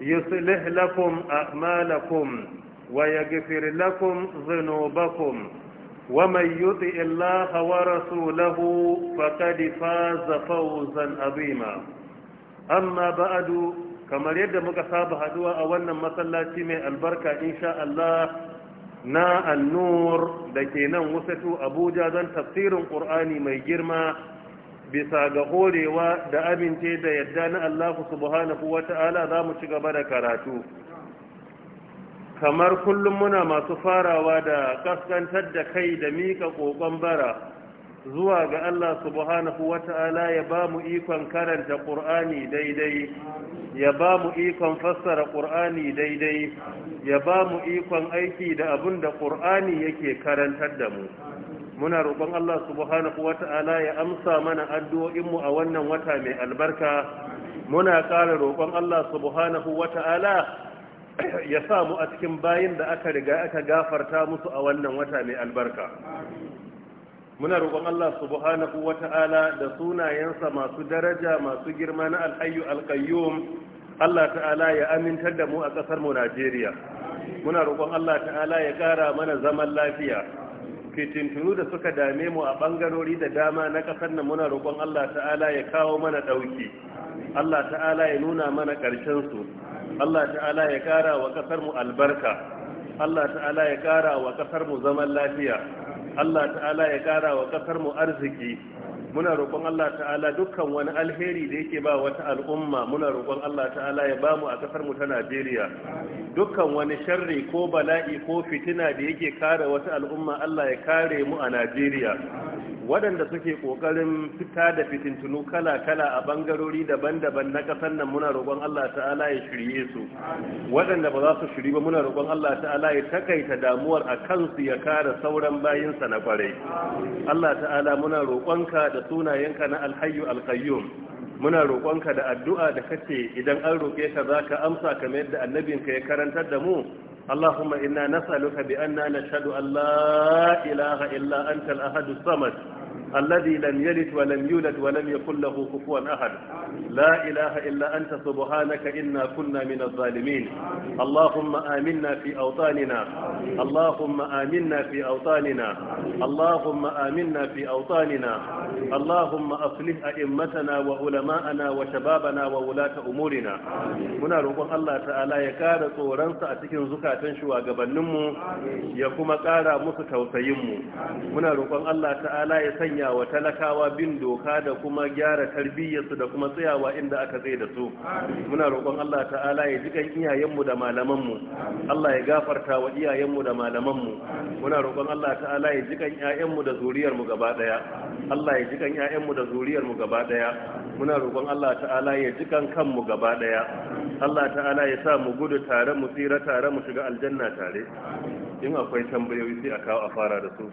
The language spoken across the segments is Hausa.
يصلح لكم أعمالكم ويغفر لكم ذنوبكم ومن يطع الله ورسوله فقد فاز فوزا عظيما أما بعد kamar yadda muka saba haduwa a wannan masallaci mai albarka insha Allah na annur da ke nan wasatu abuja don tafsirin ƙur'ani mai girma bisa ga horewa da amince da yadda na Allah subhanahu wata'ala za mu ci gaba da karatu kamar kullum muna masu farawa da kaskantar da kai da mika kokon bara zuwa ga Allah subhanahu wata'ala ya ba mu ikon karanta ƙur'ani daidai ya ba mu ikon fassara ƙur'ani daidai ya ba mu ikon aiki da abun da ƙur'ani yake karantar da mu muna roƙon Allah subhanahu wata'ala ya amsa mana addu'o'inmu a wannan wata mai albarka muna ƙara roƙon Allah subhanahu wata'ala ya sa mu a cikin bayin da aka riga aka gafarta musu a wannan wata mai albarka muna roƙon Allah subhanahu wata'ala da sunayensa masu daraja masu girma na alhayyu alqayyum Allah ta'ala ya amintar da mu a ƙasar mu Najeriya muna roƙon Allah ta'ala ya ƙara mana zaman lafiya fitintunu da suka dame mu a ɓangarori da dama na ƙasar nan muna roƙon Allah ta'ala ya kawo mana ɗauki Allah ta'ala ya nuna mana ƙarshen su Allah ta'ala ya ƙara wa kasar mu albarka Allah ta'ala ya ƙara wa kasar mu zaman lafiya Allah ta'ala ya ƙara wa kasar mu arziki muna roƙon Allah ta'ala dukkan wani alheri da yake ba wata al'umma muna roƙon Allah ta'ala ya bamu a ƙasar mu ta Najeriya dukkan wani sharri ko bala'i ko fitina da yake kare wata al'umma Allah ya kare mu a Najeriya waɗanda suke ƙoƙarin fita da fitintunu kala-kala a bangarori daban-daban na ƙasar nan muna roƙon Allah ta'ala ya shirye su waɗanda ba za su shiri ba muna roƙon Allah ta'ala ya takaita damuwar a kansu ya kare sauran bayinsa na ƙwarai Allah ta'ala muna roƙonka da da sunayenka na alhayyu alqayyum muna roƙonka da addu'a da kace idan an roƙe ka zaka amsa kamar yadda annabinka ya karantar da mu اللهم إنا نسألك بأننا نشهد أن لا illa إلا أنت الأحد الصمد الذي لم يلد ولم يولد ولم يكن له كفوا أحد لا إله إلا أنت سبحانك إنا كنا من الظالمين اللهم آمنا في أوطاننا اللهم آمنا في أوطاننا اللهم آمنا في أوطاننا اللهم أصلح أئمتنا وعلماءنا وشبابنا وولاة أمورنا muna roƙon Allah ta'ala ya ƙara tsoronsa a cikin zukatan shugabanninmu ya kuma ƙara musu tausayinmu muna roƙon Allah ta'ala ya sanya sanya wa talakawa bin doka da kuma gyara tarbiyyarsu da kuma tsayawa inda aka zai da su muna roƙon Allah ta'ala ya jikan iyayenmu da malamanmu Allah ya gafarta wa iyayenmu da malamanmu muna roƙon Allah ta'ala ya jikan iyayenmu da zuriyarmu gaba daya Allah ya jikan iyayenmu da zuriyarmu gaba daya muna roƙon Allah ta'ala ya jikan kanmu gaba daya Allah ta'ala ya sa mu gudu tare mu tsira tare mu shiga aljanna tare in akwai tambayoyi sai a kawo a fara da su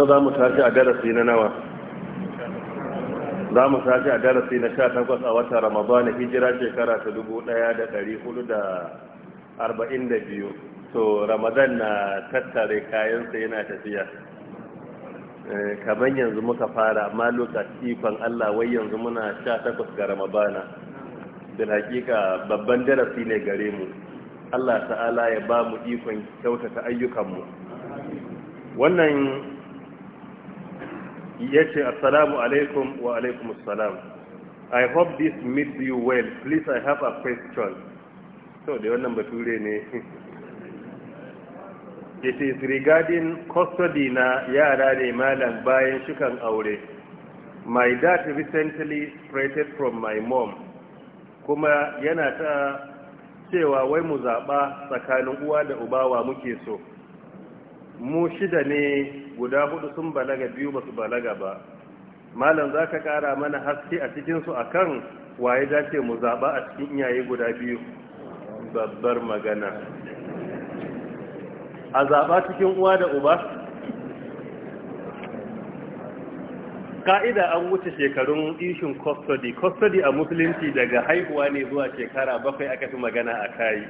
yau za mu tashi a darasi na nawa za mu tashi a darasi na sha takwas a wata ramadana hijira shekara ta dubu ɗaya da ɗari hudu da arba'in da biyu to ramadan na tattare kayansa yana tafiya eh, kamar yanzu muka fara amma lokaci ikon allah wai yanzu muna sha takwas ga ramadana da hakika babban darasi ne gare mu allah ta'ala ya ba mu ikon kyautata ayyukanmu wannan ya ce assalamu alaikum wa alaikum assalam i hope this meets you well please i have a question so da wannan bature ne it is regarding custody na yara ne malam bayan shikan aure my dad recently separated from my mom kuma yana ta cewa wai mu zaɓa tsakanin uwa da uba wa muke so mu shida ne guda hudu sun balaga biyu ba su balaga ba malam za ka kara mana haske a cikinsu a kan waye dace mu zaɓa a cikin iyaye guda biyu babbar magana a zaɓa cikin uwa da uba ka'ida an wuce shekarun ishin custody custody a musulunci daga haihuwa ne zuwa shekara bakwai aka fi magana a kayi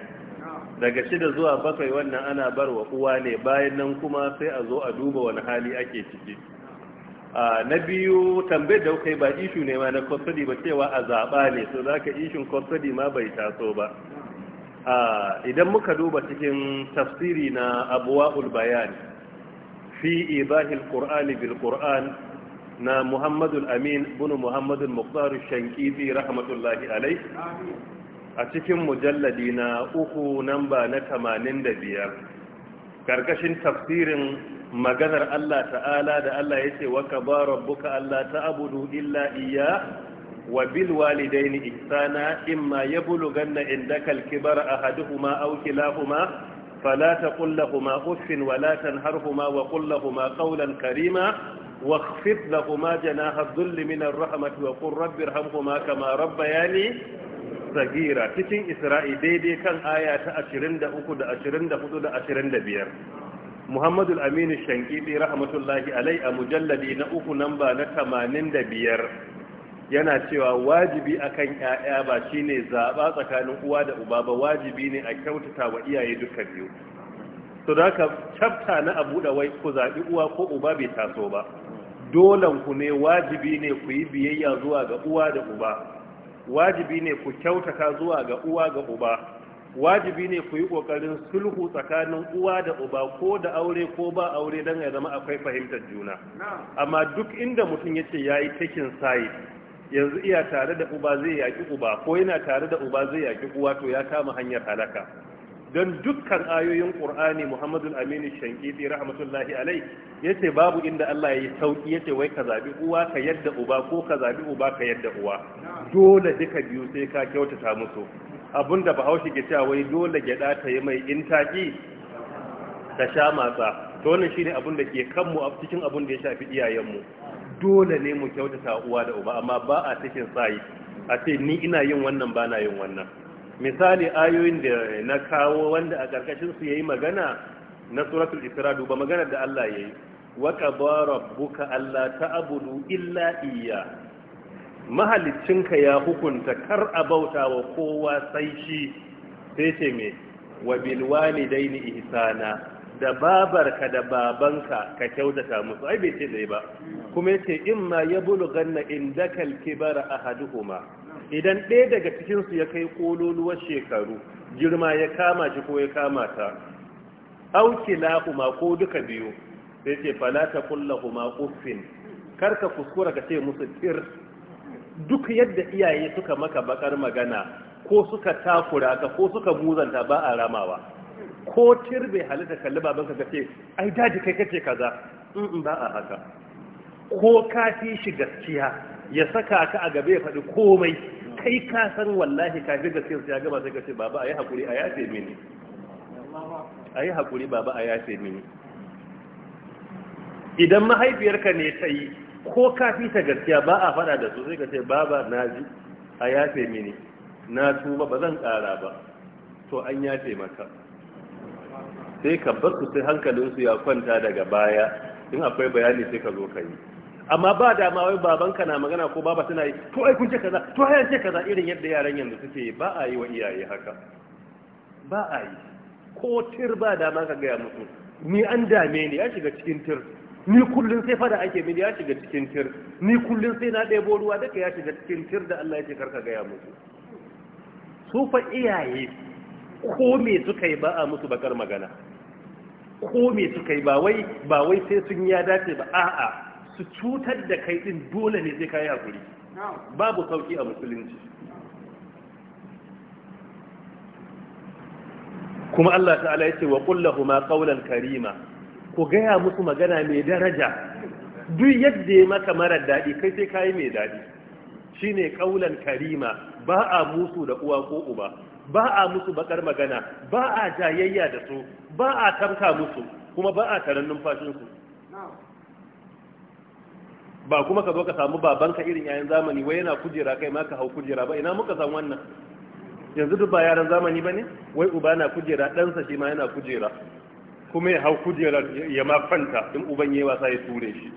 daga shida zuwa bakwai wannan ana bar wa uwa ne bayan nan kuma sai a zo a duba wani hali ake ciki na biyu tambayar da kai ba ishu ne ma na custody ba cewa a zaɓa ne so za ka ishin custody ma bai taso ba idan muka duba cikin tafsiri na abuwa bayan fi ibahil qur'ani bil qur'an na muhammadul amin bunu muhammadul muqtar shankiti rahmatullahi alai a cikin mujalladi na uku namba na tamanin da biyar ƙarƙashin tafsirin maganar Allah ta'ala da Allah ya ce wa kabarar buka Allah ta abudu illa iya wa bil walidaini ihsana imma yablughanna indaka al-kibara ahaduhuma aw kilahuma فلا تقل لهما أف ولا تنهرهما وقل لهما قولا كريما واخفض لهما جناح الذل من الرحمة وقل kama. ارحمهما كما ربياني sagira cikin isra'i daidai kan aya ta 23 da 24 da 25 muhammadu aminu shankidi rahmatullahi alai a mujalladi na uku namba na 85 yana cewa wajibi akan 'ya'ya ba shine zaɓa tsakanin uwa da uba ba wajibi ne a kyautata wa iyaye duka biyu to da ka na abu da wai ku zaɓi uwa ko uba bai taso ba dolan ku ne wajibi ne ku yi biyayya zuwa ga uwa da uba wajibi ne ku kyautata zuwa ga uwa ga uba wajibi ne ku yi kokarin sulhu tsakanin uwa da uba ko da aure ko ba aure don ya zama akwai fahimtar juna amma duk inda mutum ya ce ya yi yanzu iya tare da uba zai yaƙi uba ko yana tare da uba zai yaƙi uwa to ya kama hanyar halaka don dukkan ayoyin ƙur'ani muhammadu aminu shankiti rahmatullahi alai ya ce babu inda allah ya yi sauki ya ce wai ka zabi uwa ka yadda uba ko ka zabi uba ka yadda uwa dole duka biyu sai ka kyautata musu da bahaushe ke cewa wai dole gyada ta yi mai intaki ta sha matsa to wannan shine abin da ke kanmu a cikin abin da ya shafi iyayenmu dole ne mu kyautata uwa da uba amma ba a cikin sai a ce ni ina yin wannan ba na yin wannan misali ayoyin da na kawo wanda a ƙarƙashin su yayi magana na suratul isra duba maganar da Allah yayi wa qabara rabbuka alla ta'budu illa iyya ka ya hukunta kar a bauta wa kowa sai shi sai ce me wa bil walidaini ihsana da babarka da babanka ka kyautata musu ai bai ce dai ba kuma yace imma yablughanna indakal kibara ahaduhuma idan ɗaya daga cikinsu ya kai ƙololuwar shekaru girma ya kama shi ko ya kama ta auki lahuma ko duka biyu sai ce falata kullahuma uffin karka kuskura ka ce musu tsir duk yadda iyaye suka maka bakar magana ko suka takura ka ko suka muzanta ba a ramawa ko bai halitta kalli babanka ka ce ai daji kai kace kaza in ba a haka ko ka fi shi gaskiya ya saka ka a gaba ya faɗi komai kai ka san wallahi kafin sai ya gaba sai ka ce baba ayi hakuri a yafe mini ayi hakuri baba a yafe mini idan mahaifiyarka ne ta yi ko kafi ta gaskiya ba a fada da su sai ka ce baba na ji a yafe mini na tuba ba zan kara ba to an yafe maka sai ka bar su sai hankalinsu ya kwanta daga baya in akwai bayani sai ka zo ka yi amma ba ma wai babanka na magana ko baba tana yi to ai kun ce kaza to ai ce kaza irin yadda yaran yanzu suke ba a yi wa iyaye haka ba a yi ko tir ba dama ka gaya musu ni an dame ni ya shiga cikin tir ni kullun sai fada ake mini ya shiga cikin tir ni kullun sai na ɗebo ruwa daga ya shiga cikin tir da Allah ya ce karka gaya musu su fa iyaye ko me suka yi ba a musu bakar magana ko me suka yi ba wai ba wai sai sun ya dace ba a'a su cutar da kai din dole ne sai kayi hakuri babu sauki a musulunci kuma Allah ta'ala yace wa qul ma qawlan karima ku gaya musu magana mai daraja duk yadda ya maka mara dadi kai sai kayi mai dadi shine qawlan karima ba a musu da uwa ko uba ba a musu bakar magana ba a jayayya da su ba a tamka musu kuma ba a fashin su ba kuma ka zo ka samu babanka irin yayin zamani wai yana kujera kai ma ka hau kujera ba ina muka san wannan yanzu duk ba yaran zamani bane ne wai uba na kujera ɗansa shi ma yana kujera kuma ya hau kujera ya ma kwanta in uban yi wasa ya ture shi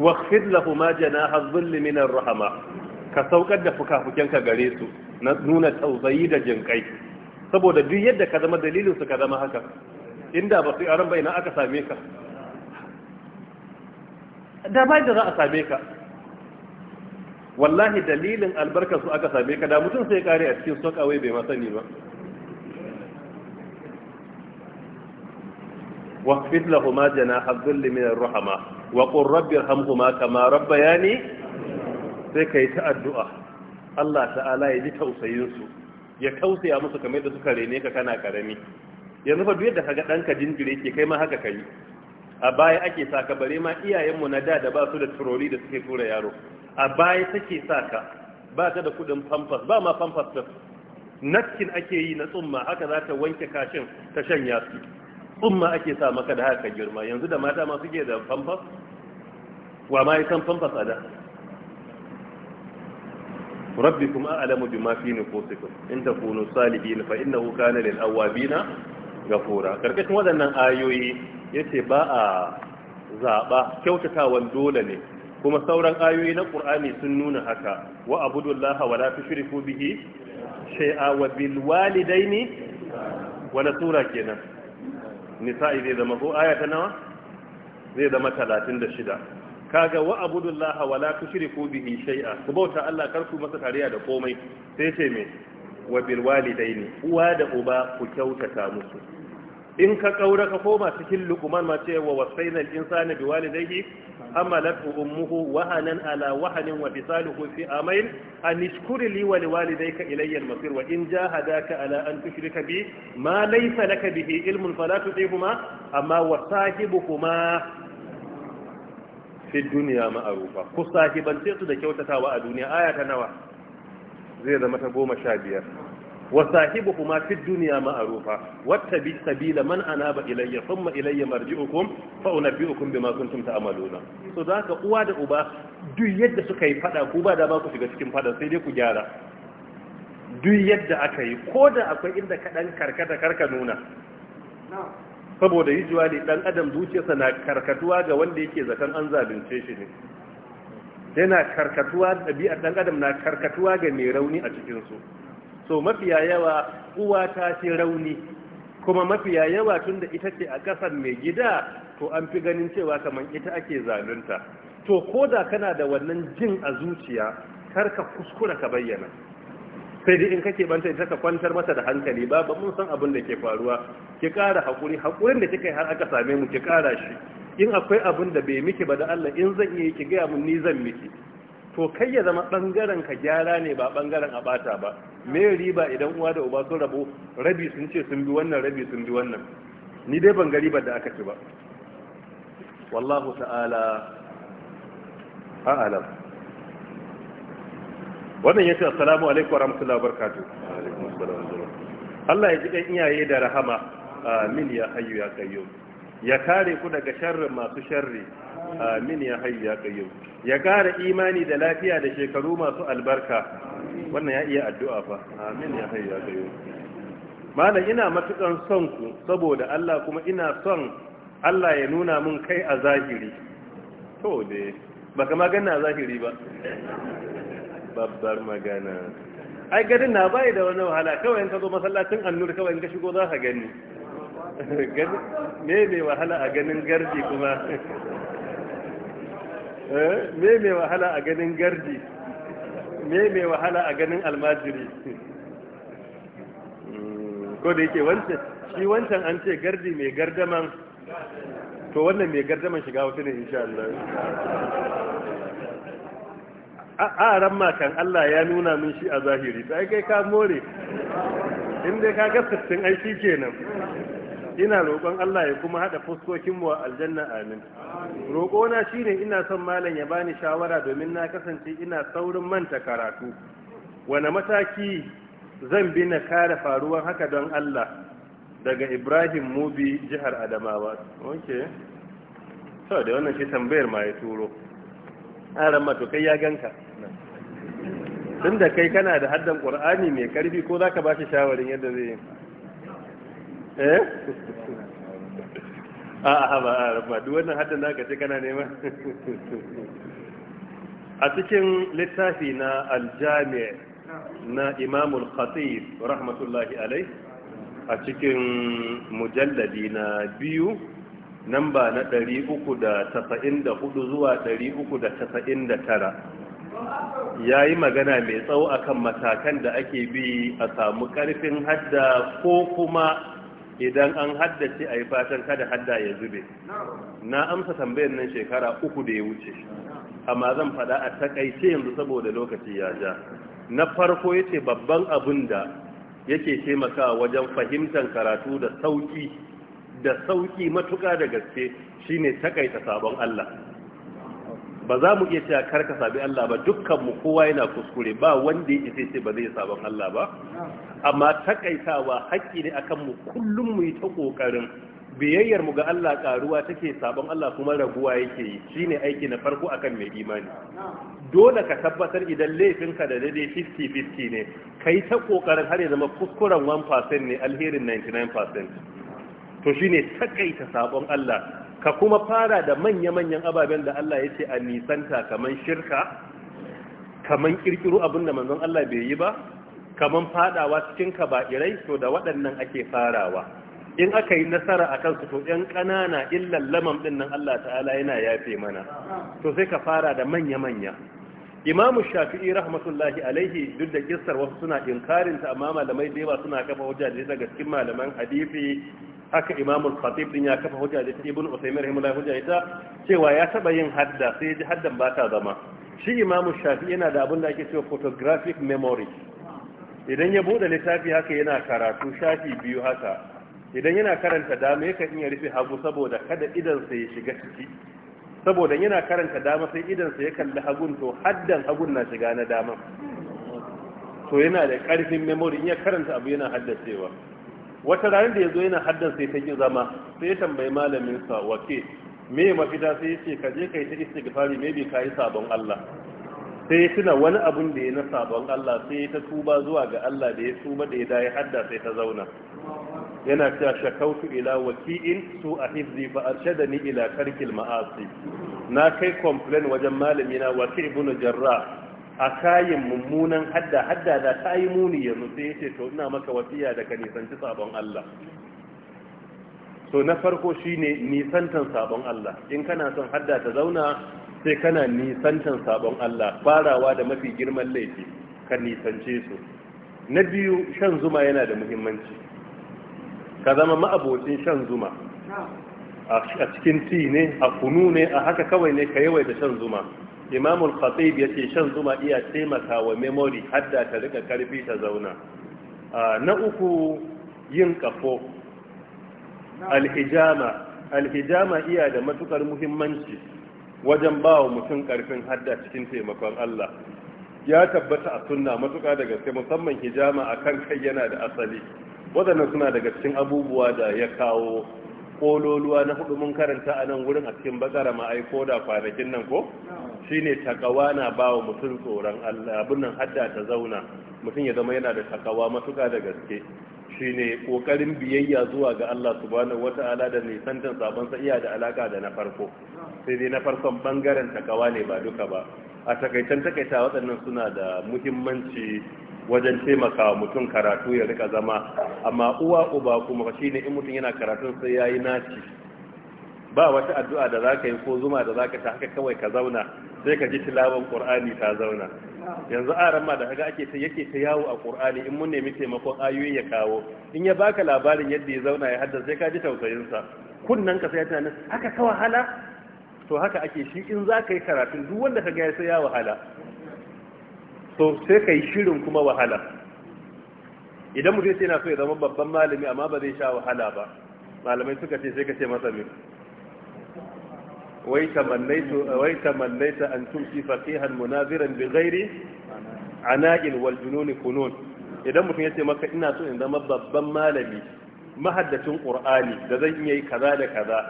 waqfid ma janaha dhilli min ar ka saukar da ka gare su na nuna tausayi da jinkai saboda duk yadda ka zama dalilin su ka zama haka inda ba su yi aron ina aka same ka da ba za a same ka wallahi dalilin albarkar su aka same ka da mutum sai kare a cikin wai bai masani ba waqfid lahuma janaha dhull min ar-rahma wa qur rabbi irhamhuma kama rabbayani sai kai ta addu'a Allah ta'ala ya ji tausayin su ya tausaya musu kamar da suka rene ka kana karami yanzu fa duk yadda kaga ka jinjire ke kai ma haka kai a baya ake sa bare ma iyayenmu na da da ba su da turoli da suke tura yaro a baya take saka ba ta da kudin pampas ba ma pampas da nakin ake yi na tsumma haka za ta wanke kashin ta shanya su tsumma ake sa maka da haka girma yanzu da mata ma suke da pampas wa ma san pampas a da rabbikum a'lamu bima fi nufusikum in takunu salihin fa innahu kana lil awabina gafura karkashin waɗannan ayoyi ya ce ba a zaɓa kyautatawan dole ne kuma sauran ayoyi na ƙur'ani sun nuna haka wa abudullaha wa la tushriku bihi shay'a wa bil Wani wala sura kenan nisa'i zai zama ko aya ta nawa zai zama talatin da shida. kaga wa abudullaha wa la tushriku bihi shay'a ku bauta Allah kar ku masa tariya da komai sai ce me wa bil walidaini uwa da uba ku kyautata musu in ka kaura ka koma cikin luqman ma ce wa wasaina al-insana biwalidayhi hamalathu ummuhu wahanan ala wahanin wa bisaluhu fi amain an ishkuri li wa liwalidayka ilayya al-masir wa in jahadaka ala an tushrika bi ma laysa laka bihi ilmun fala tudihuma amma wa sahibuhuma fi dunya ma'rufa ku sahibance su da kyautatawa a duniya aya ta nawa zai zama ta goma sha biyar wa sahibuhuma fid dunya ma'rufa bi sabila man anaba ilayya thumma ilayya marji'ukum fa unabbi'ukum bima kuntum ta'maluna so zaka uwa da uba duk yadda suka yi fada ku ba da ba ku shiga cikin fada sai dai ku gyara duk yadda aka yi ko da akwai inda ka dan karkata karka nuna saboda yujuwa ne dan adam zuciyarsa na karkatuwa ga wanda yake zakan an zalunce shi ne yana karkatuwa ɗabi'ar ɗan adam na karkatuwa ga mai rauni a cikinsu so mafiya yawa uwa ta fi rauni kuma mafiya yawa tun da ita ce a ƙasar mai gida to an fi ganin cewa kamar ita ake zalunta to ko da kana da wannan jin a zuciya kar ka kuskura ka bayyana sai dai in kake banta ita ka kwantar mata da hankali ba ba mun san abin da ke faruwa ki ƙara hakuri hakurin da kika yi har aka same mu ki ƙara shi in akwai abin da bai miki ba da Allah in zan iya ki gaya mun ni zan miki to kai ya zama bangaren ka gyara ne ba bangaren a bata ba me riba idan uwa da uba sun rabu rabi sun ce sun bi wannan rabi sun bi wannan ni dai ban ga ribar da aka ci ba wallahu ta'ala a'lam wannan yace assalamu alaikum wa rahmatullahi wa barakatuh wa alaikum Allah ya ji kan iyaye da rahama amin ya hayyu ya kayyum ya kare ku daga sharrin masu sharri amin ya hayyu ya qayyum ya kara imani da lafiya da shekaru masu albarka wannan ya iya addu'a fa amin ya hayyu ya qayyum malam ina matukan son ku saboda Allah kuma ina son Allah ya nuna mun kai a zahiri to dai baka magana a zahiri ba babbar magana ai garin na bai da wani wahala kawai in ka zo masallacin annur kawai in ka shigo za ka gani me mai wahala a ganin garji kuma Eh, me mai wahala a ganin gardi me mai wahala a ganin almajiri hmm, ko da yake wancan shi wancan an ce gardi mai gardaman to wannan mai gardaman shiga wata ne insha Allah a ran makan Allah ya nuna min shi a zahiri sai kai ka more in dai ka ga sittin aiki kenan ina roƙon Allah ya kuma haɗa fuskokin mu a aljanna amin roƙo na shine ina son malam ya bani shawara domin na kasance ina saurin manta karatu wani mataki zan bi na kare faruwan haka don Allah daga Ibrahim Mubi jihar Adamawa okay sau da wannan shi tambayar ma ya turo aran matukai ya ganka tun kai kana da haddan ƙur'ani mai karfi ko zaka ka ba shi shawarin yadda zai yi eh ah, ba a rabba duk wannan haddan da aka ce kana nema a cikin littafi na aljami na imamul khatib rahmatullahi alai a cikin mujalladi na biyu namba na 394 zuwa 399 ya yi magana mai tsawo akan matakan da ake bi a samu karfin hadda ko kuma idan an haddace a yi fatan kada hadda ya zube na amsa tambayar nan shekara uku da ya wuce amma zan faɗa a takaice yanzu saboda lokaci ya ja na farko ya babban abin da yake taimakawa wajen fahimtar karatu da sauƙi da sauƙi matuƙa da gaske shine takaita sabon Allah ba za mu iya cewa karka sabi Allah ba dukkan mu kowa yana kuskure ba wanda ya isa ce ba zai sabon Allah ba amma takaitawa haƙƙi ne akan mu kullum mu yi ta kokarin biyayyar mu ga Allah karuwa take sabon Allah kuma raguwa yake yi shine aiki na farko akan mai imani dole ka tabbatar idan laifin ka da dade 50-50 ne kai ta ƙoƙarin har ya zama kuskuren 1% ne alherin 99% to shine takaita sabon Allah ka kuma fara da manya-manyan ababen da Allah ya ce a nisanta kamar shirka kamar kirkiru abin da manzon Allah bai yi ba kamar fadawa cikin irai to da waɗannan ake farawa in aka yi nasara a kansu to 'yan ƙanana illan lamam ɗin nan Allah ta'ala yana yafe mana to sai ka fara da manya-manya imamu shafi'i rahmatullahi alaihi duk da kissar wasu suna inkarin ta amma malamai da yawa suna kafa hujja da daga cikin malaman hadisi haka imamu khatib din ya kafa hujja da ibnu usaymin rahimahullahi hujja ita cewa ya taba yin hadda sai ji haddan ba ta zama shi imamu shafi'i yana da abun da ake cewa photographic memory idan ya bude littafi haka yana karatu shafi biyu haka idan yana karanta dama yakan iya rufe hagu saboda kada idan sai ya shiga ciki saboda yana karanta dama sai sa ya kalli hagun to haddan hagun na shiga na dama to yana da karfin memory in ya karanta abu yana haddacewa wata ranar da ya zo yana haddan sai ta ki zama sai ya tambayi malamin sa wake me mafita sai ya ce ka je kai ta istighfari maybe ka yi sabon Allah sai ya tuna wani abun da ya na sabon Allah sai ta tuba zuwa ga Allah da ya tuba da ya dai hadda sai ta zauna yana cewa shakautu ila waki'in su a hifzi fa ni ila tarkil ma'asi na kai complain wajen malami na waki ibnu jarra a kayin mummunan hadda hadda da ta yi muni yanzu sai yace to ina maka wasiya da ka nisanci sabon Allah To na farko shine nisantan sabon Allah in kana son hadda ta zauna sai kana nisantan sabon Allah farawa da mafi girman laifi ka nisance su na biyu shan zuma yana da muhimmanci ka zama ma'abocin shan zuma a cikin ti ne a kunu ne a haka kawai ne ka yawai da shan zuma imamul khatib ya ce shan zuma iya taimaka wa memory hadda ta rika karfi ta zauna na uku yin kafo alhijama alhijama iya da matukar muhimmanci wajen ba wa mutum karfin hadda cikin taimakon Allah ya tabbata a sunna matuƙa daga gaske musamman hijama akan kai yana da asali waɗannan suna daga cikin abubuwa da ya kawo ƙololuwa na hudu mun karanta a nan wurin a cikin bakara ma'aiko da kwanakin nan ko shine takawa na ba wa mutum tsoron abin nan hadda ta zauna mutum ya zama yana da takawa matuƙa da gaske shine kokarin biyayya zuwa ga Allah subhanahu wata'ala da nisantan sabon sa iya da alaka da na farko sai dai na farkon bangaren takawa ne ba duka ba a takaitan takaita waɗannan suna da muhimmanci wajen taimaka mutum karatu ya rika zama amma uwa uba kuma shi ne in mutum yana karatun sai ya yi naci ba wata addu'a da ka yi ko zuma da za zaka ta haka kawai ka zauna sai ka ji tilawan ƙur'ani ta zauna yanzu a ma da haka ake ta yake ta yawo a ƙur'ani in mun nemi taimakon ayoyi ya kawo in ya baka labarin yadda ya zauna ya haddace sai ka ji tausayinsa kunnan ka sai ta nan haka ka wahala to haka ake shi in zaka yi karatun duk wanda ka ya sai ya wahala to sai kai shirin kuma wahala idan mutum sai yana so ya zama babban malami amma ba zai sha wahala ba malamai suka ce sai ka ce masa min wai tamannaitu wai tamannaita an tumsi faqihan munaziran bi ghairi ana'il wal junun kunun idan mutum ya ce maka ina so in zama babban malami mahaddacin qur'ani da zan iya yi kaza da kaza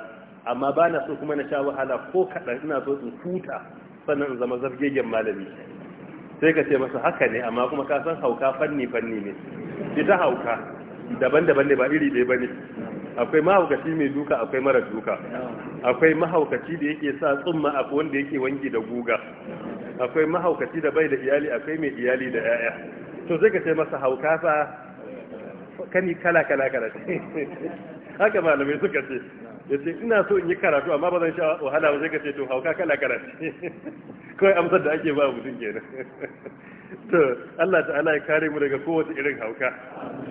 amma bana so kuma na sha wahala ko kaɗan ina so in huta sannan in zama zargegen malami sai ka ce masa haka ne amma kuma ka san hauka fanni fanni ne ita hauka daban-daban ne ba iri ɗaya ba ne akwai mahaukaci mai duka akwai mara duka akwai mahaukaci da yake sa tsumma a wanda yake wangi da guga akwai mahaukaci da bai da iyali akwai mai iyali da 'ya'ya to sai ka ce masa hauka fa kani kala kala kala haka malamai suka ce ya ce ina so in yi karatu amma ba zan sha wahala ba zai ka ce to hauka kala karatu kawai amsar da ake ba mutum kenan to Allah ta'ala ya kare mu daga kowace irin hauka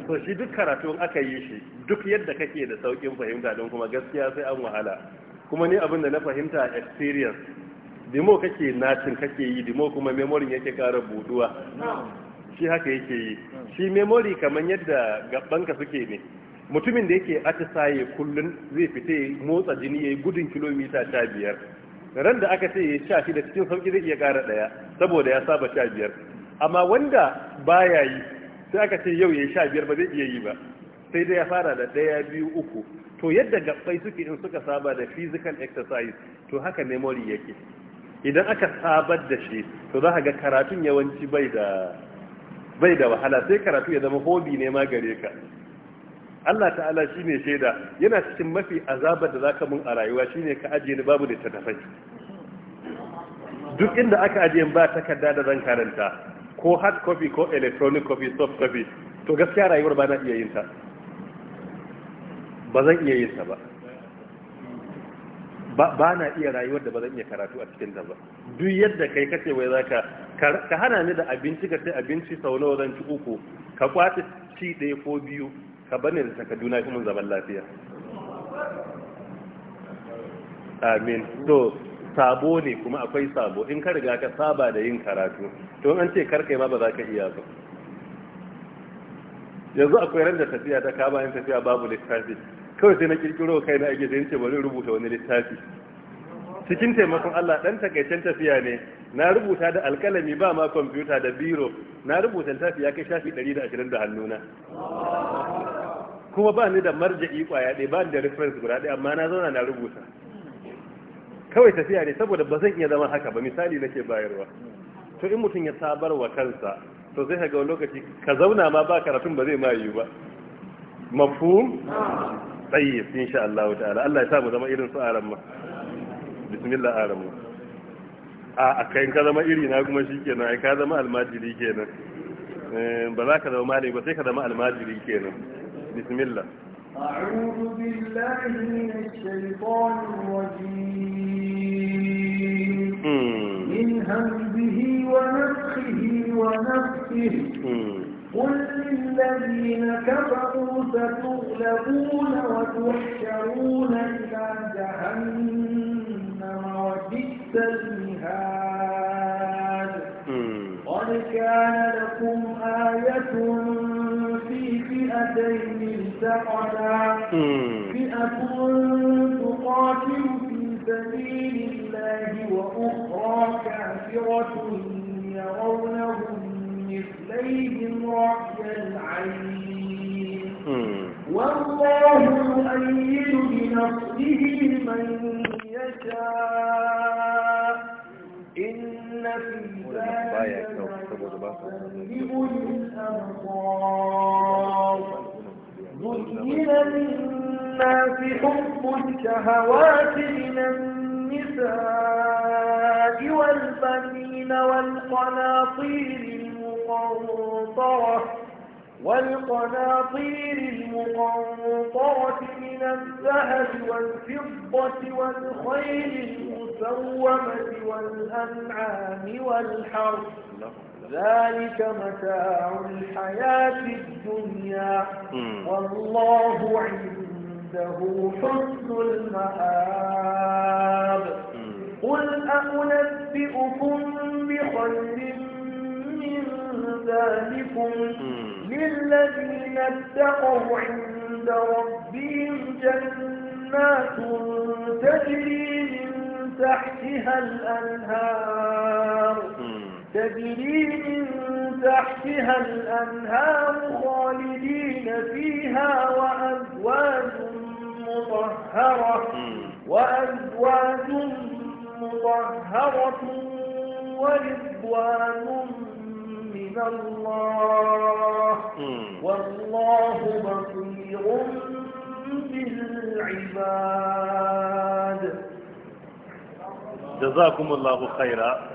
to shi duk karatu in aka yi shi duk yadda kake da saukin fahimta don kuma gaskiya sai an wahala kuma ni abin da na fahimta experience dimo kake nacin kake yi dimo kuma memory yake kara buduwa shi haka yake yi shi memory kamar yadda gabanka suke ne mutumin da yake atisaye kullun zai fita motsa jini ya yi gudun kilomita sha biyar ran da aka ce ya sha da cikin sauki zai iya ƙara ɗaya saboda ya saba sha amma wanda baya yi sai aka ce yau ya sha biyar ba zai iya yi ba sai dai ya fara da ɗaya biyu uku to yadda gabbai suke in suka saba da physical exercise to haka memory yake idan aka sabar da shi to za ka ga karatun yawanci bai da bai da wahala sai karatu ya zama hobi ne ma gare ka Allah ta'ala shi ne shaida yana cikin mafi azabar da zaka mun a rayuwa shi ne ka ajiye ni babu da tattafai duk inda aka ajiye ba takarda da zan karanta ko hard copy ko electronic copy soft copy to gaskiya rayuwar ba na iya yin ta ba zan iya yin ta ba ba na iya rayuwar da ba zan iya karatu a cikin ba duk yadda kai kace wai zaka ka hana ni da abinci ka sai abinci sau nawa zan ci uku ka kwace ci ɗaya ko biyu ka bane da takardu na kuma zaman lafiya amin to sabo ne kuma akwai sabo in ka riga ka saba da yin karatu to an ce karkai ma ba za ka iya ba yanzu akwai ran da tafiya ta kama yin tafiya babu littafi kawai sai na kirkiro kai na ake zance ce bari rubuta wani littafi cikin taimakon Allah dan takaicen tafiya ne na rubuta da alkalami ba ma kwamfuta da biro na rubuta littafi ya kai shafi 120 da hannuna kuma ba ni da marja'i kwaya ɗaya ba ni da reference guda ɗaya amma na zauna na rubuta kawai tafiya ne saboda ba zan iya zama haka ba misali nake bayarwa to in mutum ya sabar wa kansa to zai ga lokaci ka zauna ma ba karatun ba zai mayu ba mafhum tayyib insha Allah ta'ala Allah ya sa mu zama irin su aran ma bismillah aran mu a akai ka zama iri na kuma shikenan ai ka zama almajiri kenan eh, ba za ka zama malami ba sai ka zama almajiri kenan بسم الله أعوذ بالله من الشيطان الرجيم من همزه ونفخه ونفخه قل للذين كفروا ستغلبون وتحشرون إلى جهنم وبئس المهاد قد كان لكم آية في فئتين ملتقتا فئة تقاتل في سبيل الله وأخرى كافرة يرونهم مثليهم رأي العين والله يؤيد بنصره من يشاء إن في ذلك لأولي الأمر من الناس حب الشهوات من النساء والبنين والقناطير المقنطرة والقناطير المقنطرة من الذهب والفضة والخيل المسومة والأنعام والحرث ذلك متاع الحياة الدنيا والله عنده حسن المآب قل أنبئكم بخير من ذلكم للذين اتقوا عند ربهم جنات تجري من تحتها الأنهار تجري من تحتها الأنهار خالدين فيها وأزواج مطهرة وأزواج مطهرة ورضوان من الله والله بصير بالعباد جزاكم الله خيرا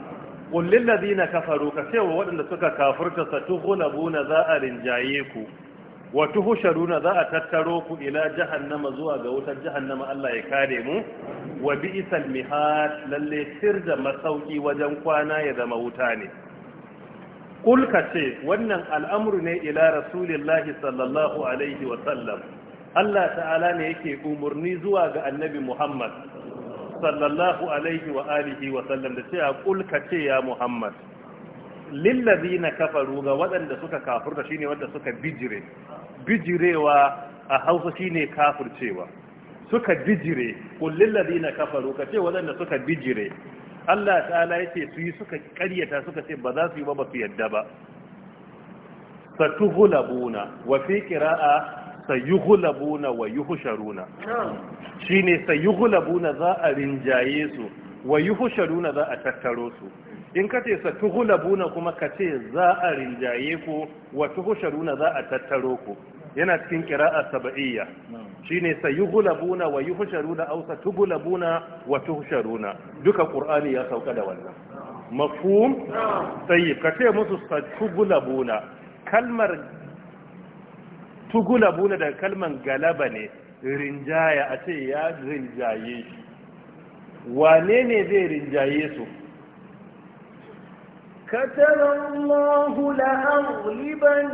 kullin ladina kafaru ka cewa waɗanda suka kafurta sa buna za a rinjaye ku wa tuhsharuna za a tattaro ku ila jahannama zuwa ga wutar jahannama Allah ya kare mu wa bi'sal mihad lalle sirda masauki wajen kwana ya zama wuta ne kul ka ce wannan al'amru ne ila rasulillahi sallallahu alaihi wa sallam Allah ta'ala ne yake umurni zuwa ga annabi Muhammad sallallahu alaihi wa alihi wa sallam da cewa kul ce ya Muhammad lillazina kafaru ga waɗanda suka kafurta shine wanda suka bijire bijirewa a Hausa shine kafircewa suka bijire kul lillazina kafaru kace waɗanda suka bijire Allah ta'ala yace su yi suka ƙaryata suka ce ba za su yi ba ba su yadda ba fatuhulabuna wa fi qira'a sayuhulabuna wa yuhusharuna shine sayuhulabuna za a rinjaye su wa yuhusharuna za a tattaro su in ka ce sa tuhulabuna kuma ka ce za a rinjaye ku wa tuhusharuna za a tattaro ku yana cikin qira'a sab'iyya shine sayuhulabuna wa yuhusharuna aw satubulabuna wa tuhusharuna duka qur'ani ya sauka da wannan mafhum tayyib ka ce musu satubulabuna kalmar tugula bula da kalman galaba ne rinjaya a ce ya rinjaye shi wane ne zai rinjaye su katara allahu la'aghliban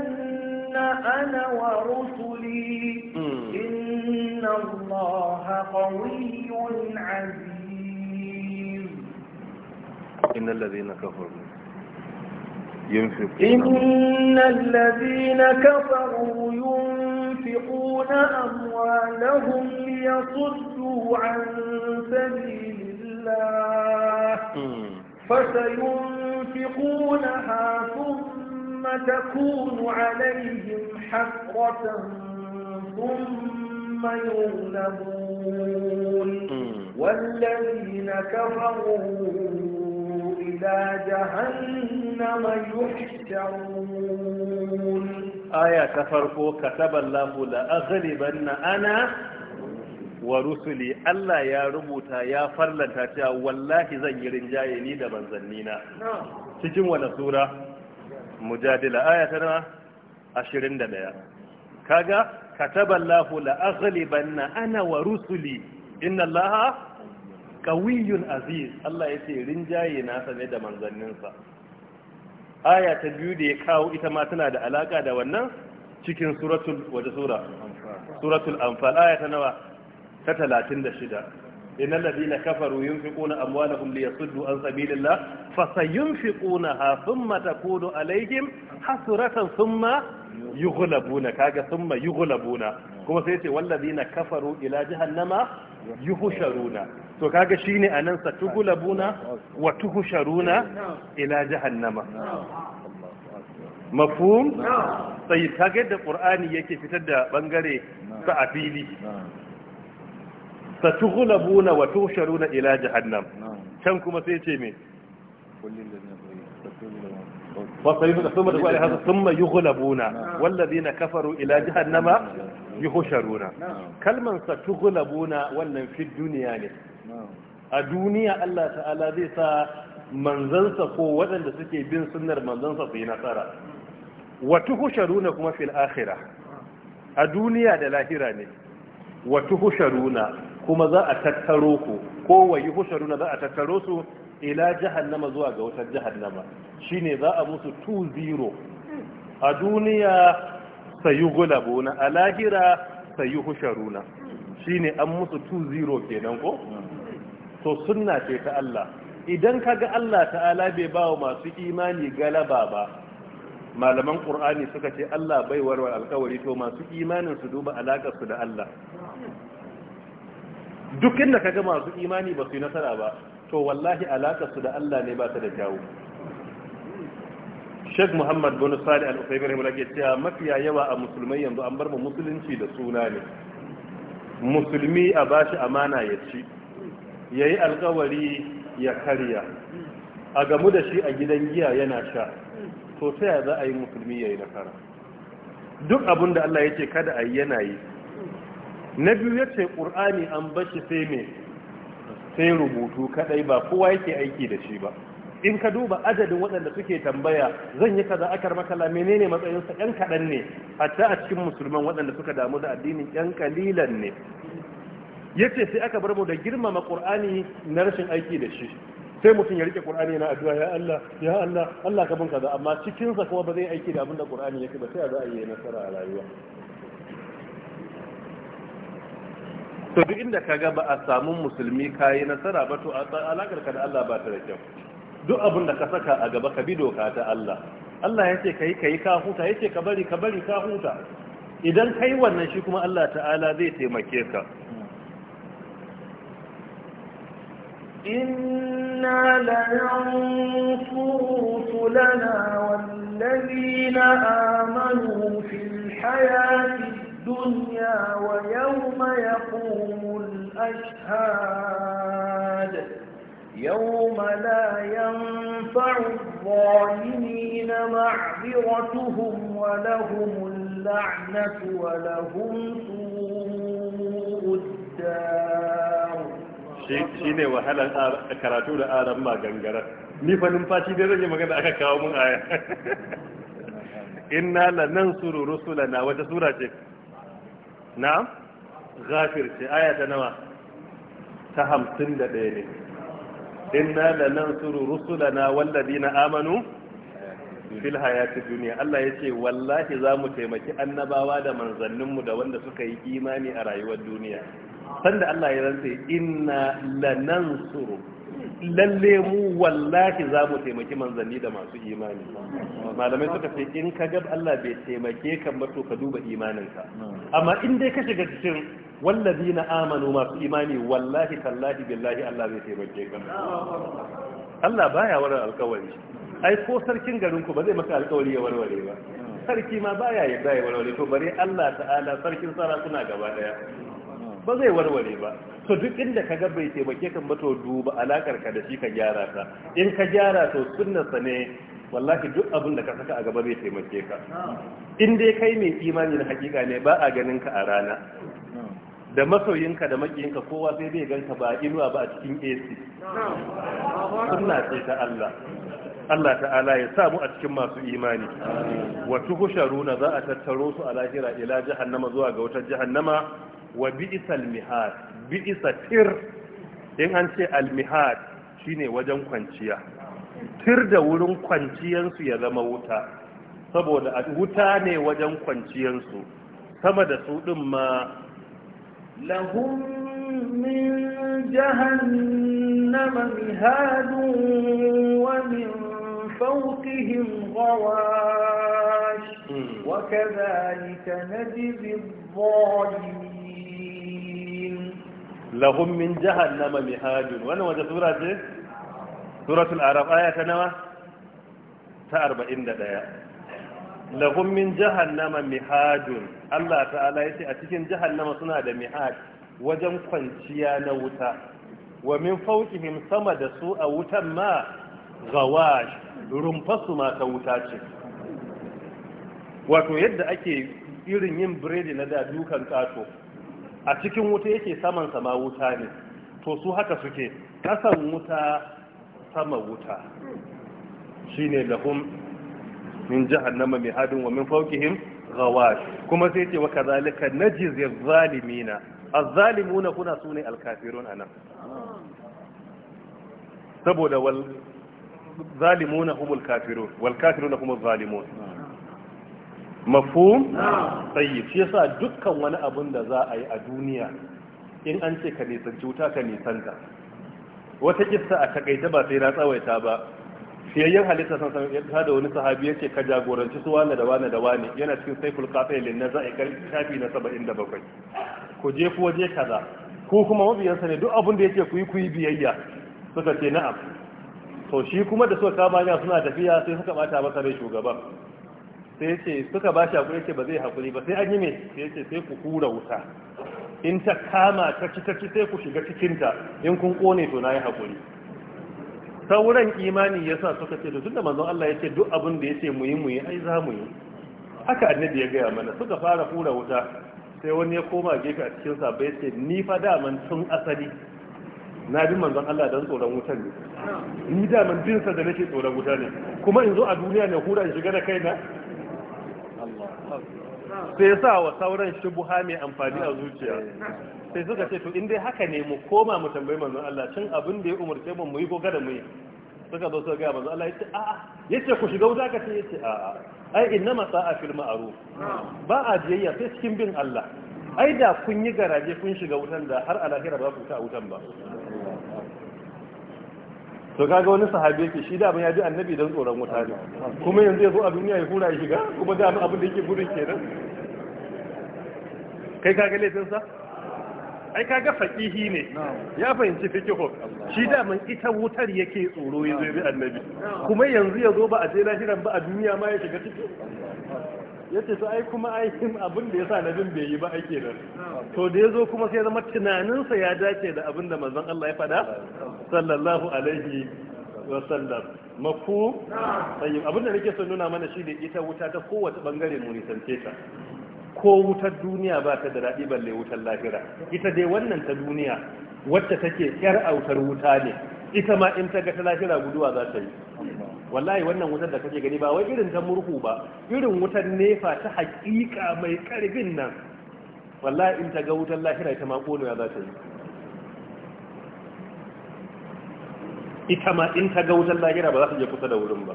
na ana wa rusuli hmm. inna allaha qawiyyun aziz إن الذين كفروا ينفقون أموالهم ليصدوا عن سبيل الله فسينفقونها ثم تكون عليهم حفرة ثم يغلبون والذين كفروا إلى جهنم يحشرون آية تفرقوا كتب الله لأغلبن أنا wa rusuli Allah ya rubuta ya farlanta cewa wallahi zan yi rinjaye ni da manzanni na cikin wani sura mujadila aya ta na 21 kaga kataballahu ana wa inna qawiyun aziz Allah ya ce rinjaye na sane da manzanninsa aya ta biyu da ya kawo ita ma tana da alaka da wannan cikin suratul wata sura suratul anfal aya ta nawa ta shida. innal ladina kafaru yunfiquna amwalahum liyasuddu an sabilillah ha thumma takunu alaihim hasratan thumma yughlabuna kaga thumma yughlabuna kuma sai ce ladina kafaru ila jahannama yuhsharuna to kaga shine anan sa wa tuhsharuna ila jahannama mafhum sai kaga da qur'ani yake fitar da bangare sa a fili satughlabuna wa tuhsharuna ila jahannam can kuma sai ce me ثم يغلبون والذين كفروا إلى جهنم يهشرون كلمة ستغلبون ولن في الدنيا a duniya Allah ta'ala zai sa manzansa ko waɗanda suke bin sunnar manzansa su yi nasara wa tuhsharuna kuma fil akhira a duniya da lahira ne wa tuhsharuna kuma za a tattaro ku ko wa za a tattaro su ila jahannama zuwa ga wutar jahannama shine za a musu 2-0 a duniya sayu gulabuna a lahira sayu husharuna shine an musu 2-0 kenan ko to sunna ce ta Allah idan ka ga Allah ta'ala bai ba wa masu imani galaba ba malaman qur'ani suka ce Allah bai warwar alkawari to masu imanin su duba alakar su da Allah duk inda ga masu imani ba su yi nasara ba to wallahi alakar su da Allah ne ba ta da jawo Sheikh Muhammad bin Salih Al-Uthaymeen rahimahullah cewa mafiya yawa a musulmai yanzu an bar mu musulunci da suna ne musulmi a bashi amana ya ci ya yi alkawari ya karya a gamu da shi a gidan giya yana sha to ta ya za a yi musulmi ya yi nasara duk abin da Allah ya ce kada a yi yana yi na biyu ya ce ƙur'ani an bashi sai mai sai rubutu kadai ba kowa yake aiki da shi ba in ka duba adadin waɗanda suke tambaya zan yi kaza akar makala menene matsayinsa ƴan kaɗan ne hatta a cikin musulman waɗanda suka damu da addinin ƴan kalilan ne yace sai aka bar mu da girmama qur'ani na rashin aiki da shi sai mutum ya rike qur'ani na addu'a ya Allah ya Allah Allah ka bin kaza amma cikin sa kuma ba zai aiki da abin da qur'ani yake ba sai a za a yi nasara a rayuwa to duk inda ka ga ba a samu musulmi yi nasara ba to alakar ka da Allah ba ta da kyau duk abin da ka saka a gaba ka bi doka ta Allah Allah ya ce kai kai ka huta ya ce ka bari ka bari ka huta idan kai wannan shi kuma Allah ta'ala zai taimake ka إنا لننصر رسلنا والذين آمنوا في الحياة الدنيا ويوم يقوم الأشهاد يوم لا ينفع الظالمين معذرتهم ولهم اللعنة ولهم سوء الدار shi ne wahalar karatu da aran ma gangara ni fa numfashi dai zan yi magana aka kawo mun aya inna lanansuru rusulana wata sura ce na'am ghafir ce aya ta nawa ta 51 ne inna lanansuru rusulana walladina amanu fil hayati duniya Allah ya ce wallahi za mu taimaki annabawa da manzanninmu da wanda suka yi imani a rayuwar duniya sanda Allah ya rantse inna lanansuru lalle mu wallahi za mu taimaki manzanni da masu imani malamai suka ce in ka gab Allah bai taimake ka ba to ka duba imaninka amma in dai ka shiga cikin na amanu masu imani wallahi tallahi billahi Allah bai taimake ka Allah baya warar alkawari ai ko sarkin garin ku ba zai maka alkawari ya warware ba sarki ma baya ya baya warware to bare Allah ta'ala sarkin sarakuna gaba daya ba zai warware ba to duk inda ka ga bai taimake kan ba to duba alakar ka da shi ka gyara ta in ka gyara to sa ne wallahi duk abin da ka saka a gaba bai taimake ka in dai kai mai imani na hakika ne ba a ganin ka a rana da masoyinka da makiyinka kowa sai zai ganka ba inuwa ba a cikin AC sunna ce ta Allah Allah ta'ala ya sa mu a cikin masu imani wa tuhsharuna za a tattaro su a lahira ila jahannama zuwa ga wutar jahannama wa bi'isal mihad bi'isa tir in an ce al mihad shine wajen kwanciya tir da wurin kwanciyansu ya zama wuta saboda wuta ne wajen kwanciyansu sama da su din ma lahum min jahannama mihadu wa min فوقهم غواش وكذلك نجزي الظالمين lahum min jahannama mihadun wannan waje sura ce suratul araf aya ta nawa ta 41 lahum min jahannama mihadun Allah ta'ala yace a cikin jahannama suna da mihad wajen kwanciya na wuta wa min fawqihim sama da su a wutan ma gawash rumfasu ma ta wuta ce wato yadda ake irin yin biredi na da dukan kato a cikin wuta yake saman sama wuta ne to su haka suke kasan wuta sama wuta shine lahum min jahannama hadin wa min fawqihim ghawash kuma sai ce wa kadhalika najzi adh-dhalimina adh-dhalimuna kuna sune alkafirun a anan saboda wal zalimuna humul kafirun wal kafiruna humul zalimun mafhum tayyib shi yasa dukkan wani abun da za a yi a duniya in an ce ka nisanci wuta ka nisanta wata kista a takaita ba sai na tsawaita ba siyayyen halitta san san ya da wani sahabi yake ka jagoranci su wane da wane da wane yana cikin saiful qatil lin nazai shafi na saba'in da bakwai. ku je ku waje kaza ko kuma mabiyansa ne duk abin da yake ku yi ku yi biyayya suka ce na'am to shi kuma da suka kama suna tafiya sai suka bata masa rai shugaban sai ce suka ba shi hakuri ce ba zai hakuri ba sai an yi mai sai ce sai ku hura wuta in ta kama ta ci ta ci sai ku shiga cikinta in kun kone to na yi hakuri sauran imani ya sa suka ce to tunda manzon Allah ya ce duk abin da ya ce mu yi mu yi ai za mu yi haka annabi ya gaya mana suka fara hura wuta sai wani ya koma gefe a cikin sa bai ce ni fa daman tun asali na bi manzon Allah dan tsoron wutan ne ni man bin sa da nake tsoron wuta ne kuma in zo a duniya ne hura in shiga da kaina sai sa wa sauran shubuha mai amfani a zuciya sai suka ce to in dai haka ne mu koma mu tambayi manzon Allah cin abin da ya umarce mu mu yi ko gada mu yi suka zo suka ga manzon Allah yace a'a yace ku shiga wuta ka ce yace a'a ai innama sa'a fil ma'ruf ba a jiyayya sai cikin bin Allah ai da kun yi garaje kun shiga wutan da har a lahira ba ku ta wutan ba to kaga wani sahabi yake shi da ya bi annabi don tsoron wuta ne kuma yanzu ya zo a duniya ya hura ya shiga kuma da abin da yake gudun kenan kai kaga laifinsa ai kaga faƙihi ne ya fahimci fikihu shi da mun ita wutar yake tsoro ya bi annabi kuma yanzu ya zo ba a je lahiran ba a duniya ma ya shiga ciki ya ce to ai kuma aikin abin da ya sa nabin bai yi ba ake nan to da ya zo kuma sai zama tunaninsa ya dace da abin da mazan Allah ya fada sallallahu alaihi wa sallam mafu abin da nake son nuna mana shi da ita wuta ta kowace bangare mu nisance ta ko wutar duniya ba ta da daɗi balle wutar lahira ita dai wannan ta duniya wacce take yar autar wuta ne ita ma in ta ga ta lahira guduwa za ta yi wallahi wannan wutar da kake gani ba wai irin ta murhu ba irin wutar nefa ta haƙiƙa mai ƙarfin nan wallahi in ta ga wutar lahira ita ma ƙonewa za ta yi ita ma in ta ga wutar lahira ba za ta je kusa da wurin ba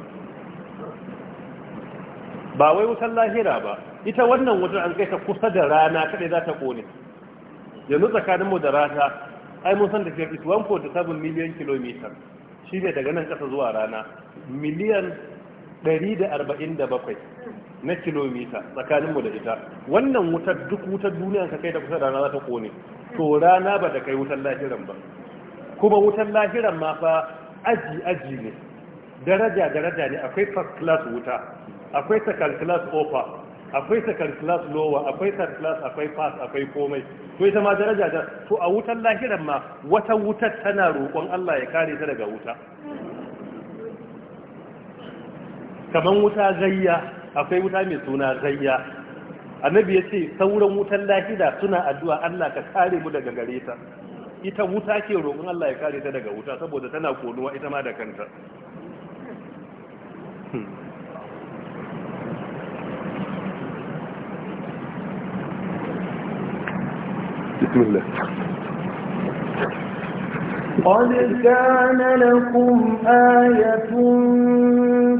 ba wai wutar lahira ba ita wannan wutar an kai ta kusa da rana kaɗai za ta ƙone yanzu tsakaninmu da rana ai mun san da ke 147 miliyan kilomita shi ne daga nan ƙasa zuwa rana miliyan 147 na kilomita tsakaninmu da ita wannan wutar duk wutar duniya ka kai da kusa rana za ta kone to rana ba da kai wutar lahiran ba kuma wutar lahiran ma fa aji aji ne daraja daraja ne akwai first class wuta akwai second class offer akwai second class lower akwai third class akwai pass akwai komai to ita ma daraja ta to a wutar lahiran ma wata wutar tana roƙon Allah ya kare ta daga wuta kaman wuta zayya akwai wuta mai suna zayya annabi ya ce sauran wutan lahira suna addu'a Allah ka kare mu daga gare ta ita wuta ke roƙon Allah ya kare ta daga wuta saboda tana konuwa ita ma da kanta hmm. بسم الله قد كان لكم آية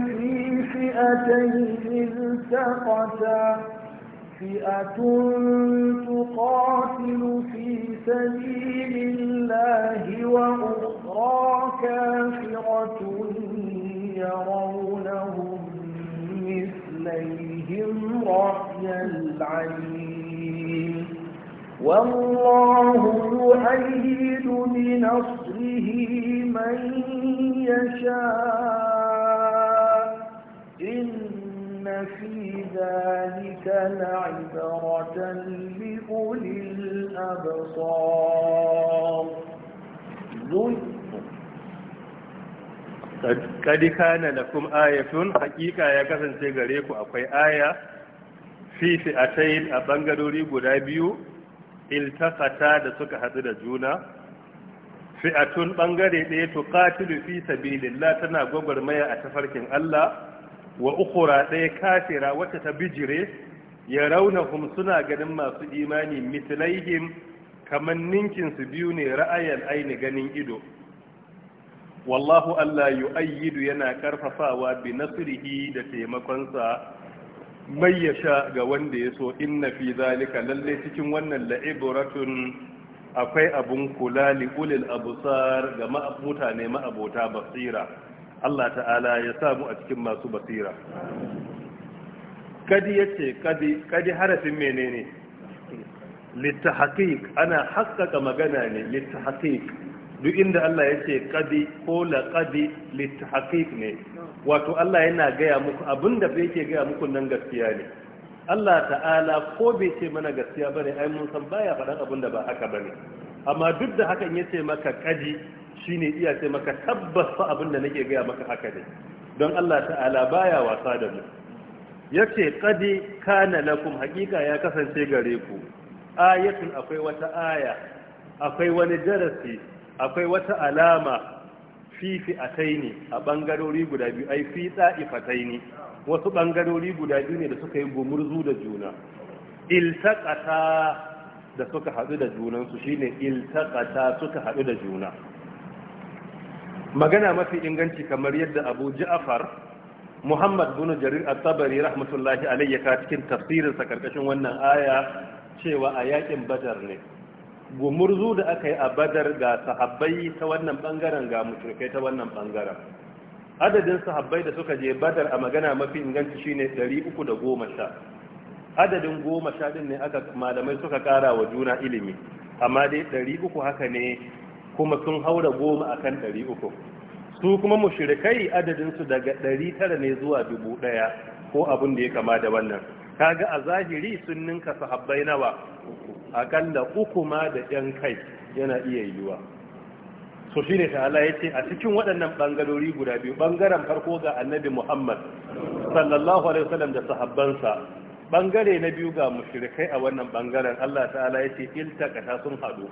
في فئتين التقتا فئة تقاتل في سبيل الله وأخرى كافرة يرونهم مثليهم رأي العين Wallahu haihi dominas rihimai ya sha, ina fi da ni kala cibaratan biyunan abubuwa. Ka dika ni tun haƙiƙa ya kasance gare ku. Akwai Aya fifi asayin a ɓangarori guda biyu. iltakata da suka hadu da juna fi'atun bangare ɗaya tuqatilu fi sabilillah tana gwagwarmaya a tafarkin Allah wa ukhra ɗaya kafira wacce ta bijire ya raunahum suna ganin masu imani mitlaihim kamar ninkin su biyu ne ra'ayan aini ganin ido wallahu Allah yu'ayyidu yana karfafawa bi nasrihi da taimakonsa mai ya sha ga wanda ya so inna fi zalika lalle cikin wannan la'ibratun akwai abun kula li ulil absar ga mutane ma'abota basira Allah ta'ala ya mu a cikin masu basira kadi yace kadi kadi harafin menene litahqiq ana haqqaqa magana ne litahqiq duk inda Allah ya ce kadi ko laqadi litahqiq ne wato Allah yana gaya muku abinda bai ke gaya muku nan gaskiya ne Allah ta'ala ko bai ce mana gaskiya bane ai mun san baya faɗan abinda ba haka bane amma duk da hakan ya ce maka kadi shine iya ce maka tabbas fa abinda nake gaya maka haka ne don Allah ta'ala baya wasa da mu yace kadi kana lakum haƙiƙa ya kasance gare ku ayatun akwai wata aya akwai wani darasi akwai wata alama fi fi'ataini a bangarori guda biyu ai fi ne wasu bangarori guda biyu ne da suka yi gumurzu da juna iltaqata da suka haɗu da junansu shine iltaqata suka haɗu da juna magana mafi inganci kamar yadda Abu Ja'far Muhammad bunu Jarir at-Tabari rahmatullahi alayyaka cikin tafsirinsa karkashin wannan aya cewa a yakin Badar ne gumurzu da aka yi a badar ga sahabbai ta wannan bangaren ga mushrikai ta wannan bangaren adadin sahabbai da suka je badar a magana mafi inganci shine 310 adadin goma sha din ne aka malamai suka kara wa juna ilimi amma dai 300 haka ne kuma sun haura goma akan 300 su kuma mushrikai adadinsu daga daga 900 ne zuwa 1000 ko abin da ya kama da wannan kaga a zahiri sun ninka sahabbai nawa akalla uku ma da yan kai yana iya yiwa. so shi ne ta'ala ya a cikin waɗannan bangarori guda biyu bangaren farko ga annabi muhammad sallallahu alaihi wasallam da sahabbansa bangare na biyu ga mushrikai a wannan ɓangaren allah ta'ala ya ce iltakata sun haɗu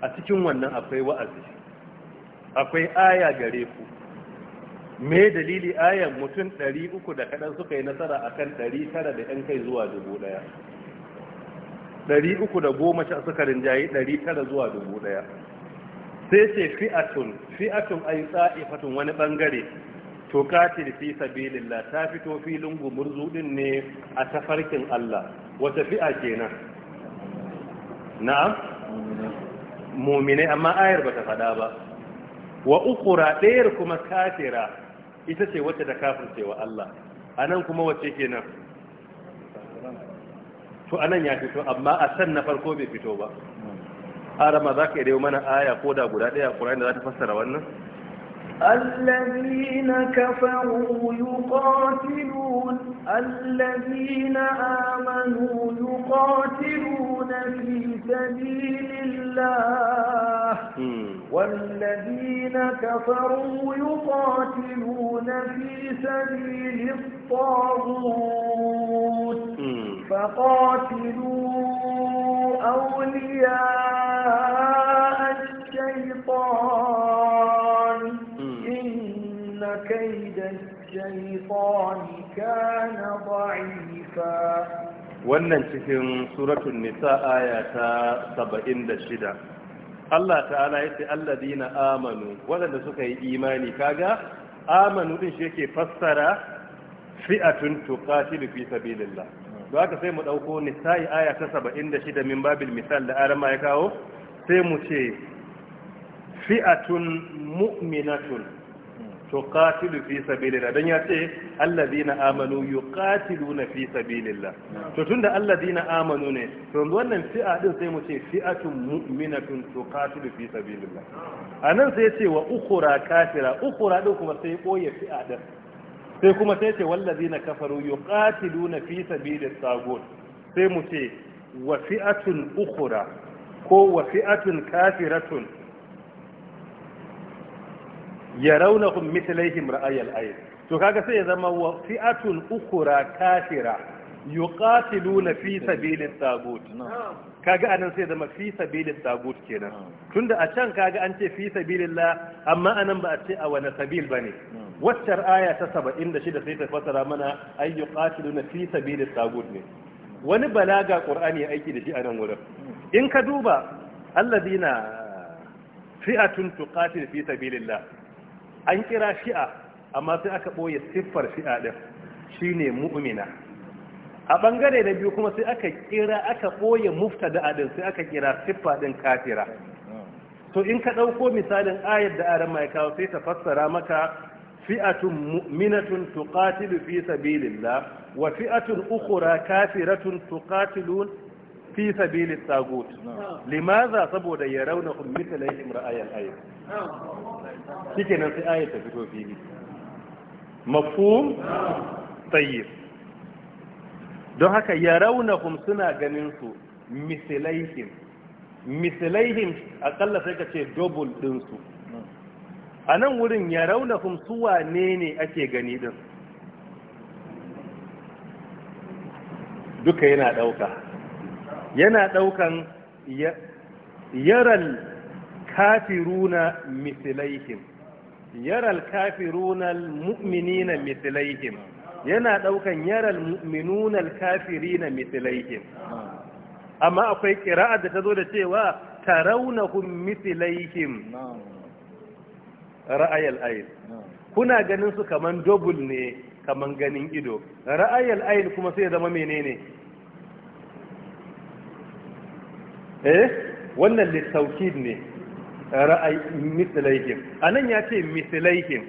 a cikin wannan akwai wa'azi akwai aya gare ku me dalili ayan mutum 300 da kadan suka yi nasara akan 900 da yan kai zuwa 1000 300 310 suka rinjaye 900 zuwa 1000 sai ce fi'atun fi'atun ay sa'ifatun wani bangare to katil fi sabilillah ta fito filin gumurzu din ne a tafarkin Allah wata fi'a kenan na'am mu'mine amma ayar bata fada ba wa ukura ɗayar kuma kafira ita ce wacce da kafirce wa Allah nan kuma wacce nan, to anan ya fito amma a san na farko bai fito ba arama za ka iya mana aya ko da guda ɗaya ƙura'in da za ta fassara wannan الذين كفروا يقاتلون الذين آمنوا يقاتلون في سبيل الله والذين كفروا يقاتلون في سبيل الطاغوت فقاتلوا أولياء الشيطان إن كيد الشيطان كان ضعيفا wannan cikin suratul nisa ayata 76 Allah ta'ala ya ce alladina amanu waɗanda suka yi imani kaga amanu din shi yake fassara fi'atun tuqatilu fi sabilillah don haka sai mu ɗauko nisa'i aya ta 76 min babil misal da arama ya kawo sai mu ce fi'atun mu'minatun tuqatilu fi sabilillah dan ya ce amanu yuqatiluna fi sabilillah to tunda allazina amanu ne to wannan fi'a din sai mu ce fi'atun mu'minatun tuqatilu fi sabilillah anan sai yace ce wa ukhra kafira ukhra din kuma sai koye fi'a din sai kuma sai ce wallazina kafaru yuqatiluna fi sabilit tagut sai mu ce wa fi'atun ukhra ko wa fi'atun kafiratun Ya yarawnahum mithlaihim ra'ayal ayn to kaga sai ya zama wa fi'atun ukhra kafira yuqatiluna fi sabilit tagut kaga anan sai zama fi sabilit tagut kenan tunda a can kaga an ce fi sabilillah amma anan ba a ce a wani sabil ba ne. waccar aya ta shida sai ta fasara mana an ay yuqatiluna fi sabilit tagut ne wani balaga qur'ani aiki da shi a nan wurin in ka duba alladina fi'atun tuqatil fi sabilillah an kira shi'a amma sai aka ɓoye siffar shi'a ɗin shine mu'mina a ɓangare na biyu kuma sai aka kira aka ɓoye mufta da ɗin sai aka kira siffa ɗin kafira to in ka ɗauko misalin ayar da aran mai kawo sai ta fassara maka fi'atun mu'minatun tuqatilu fi sabilillah wa fi'atun ukhra kafiratun tuqatilun fi sabilit tagut limaza saboda yarawnahum mithlahum ra'ayal ayat nan sai ayat ta fito fili mafhum tayyib don haka yarawnahum suna ganin su mislaihim mislaihim akalla sai ka ce double din su a nan wurin yarawnahum su wane ne ake gani din duka yana ɗauka. yana ɗaukan yaral kafiruna yaran yaral kafiruna mu'minina mislaihim yana daukan yaral mu'minuna kafirina mislaihim amma akwai qira'a da tazo da cewa tarawnahum mislaihim ra'ayal ayn kuna ganin su kaman double ne kaman ganin ido ra'ayal ayn kuma sai zama menene eh wannan littaukid ne ra'ayi mislaihim anan ya ce mislaihim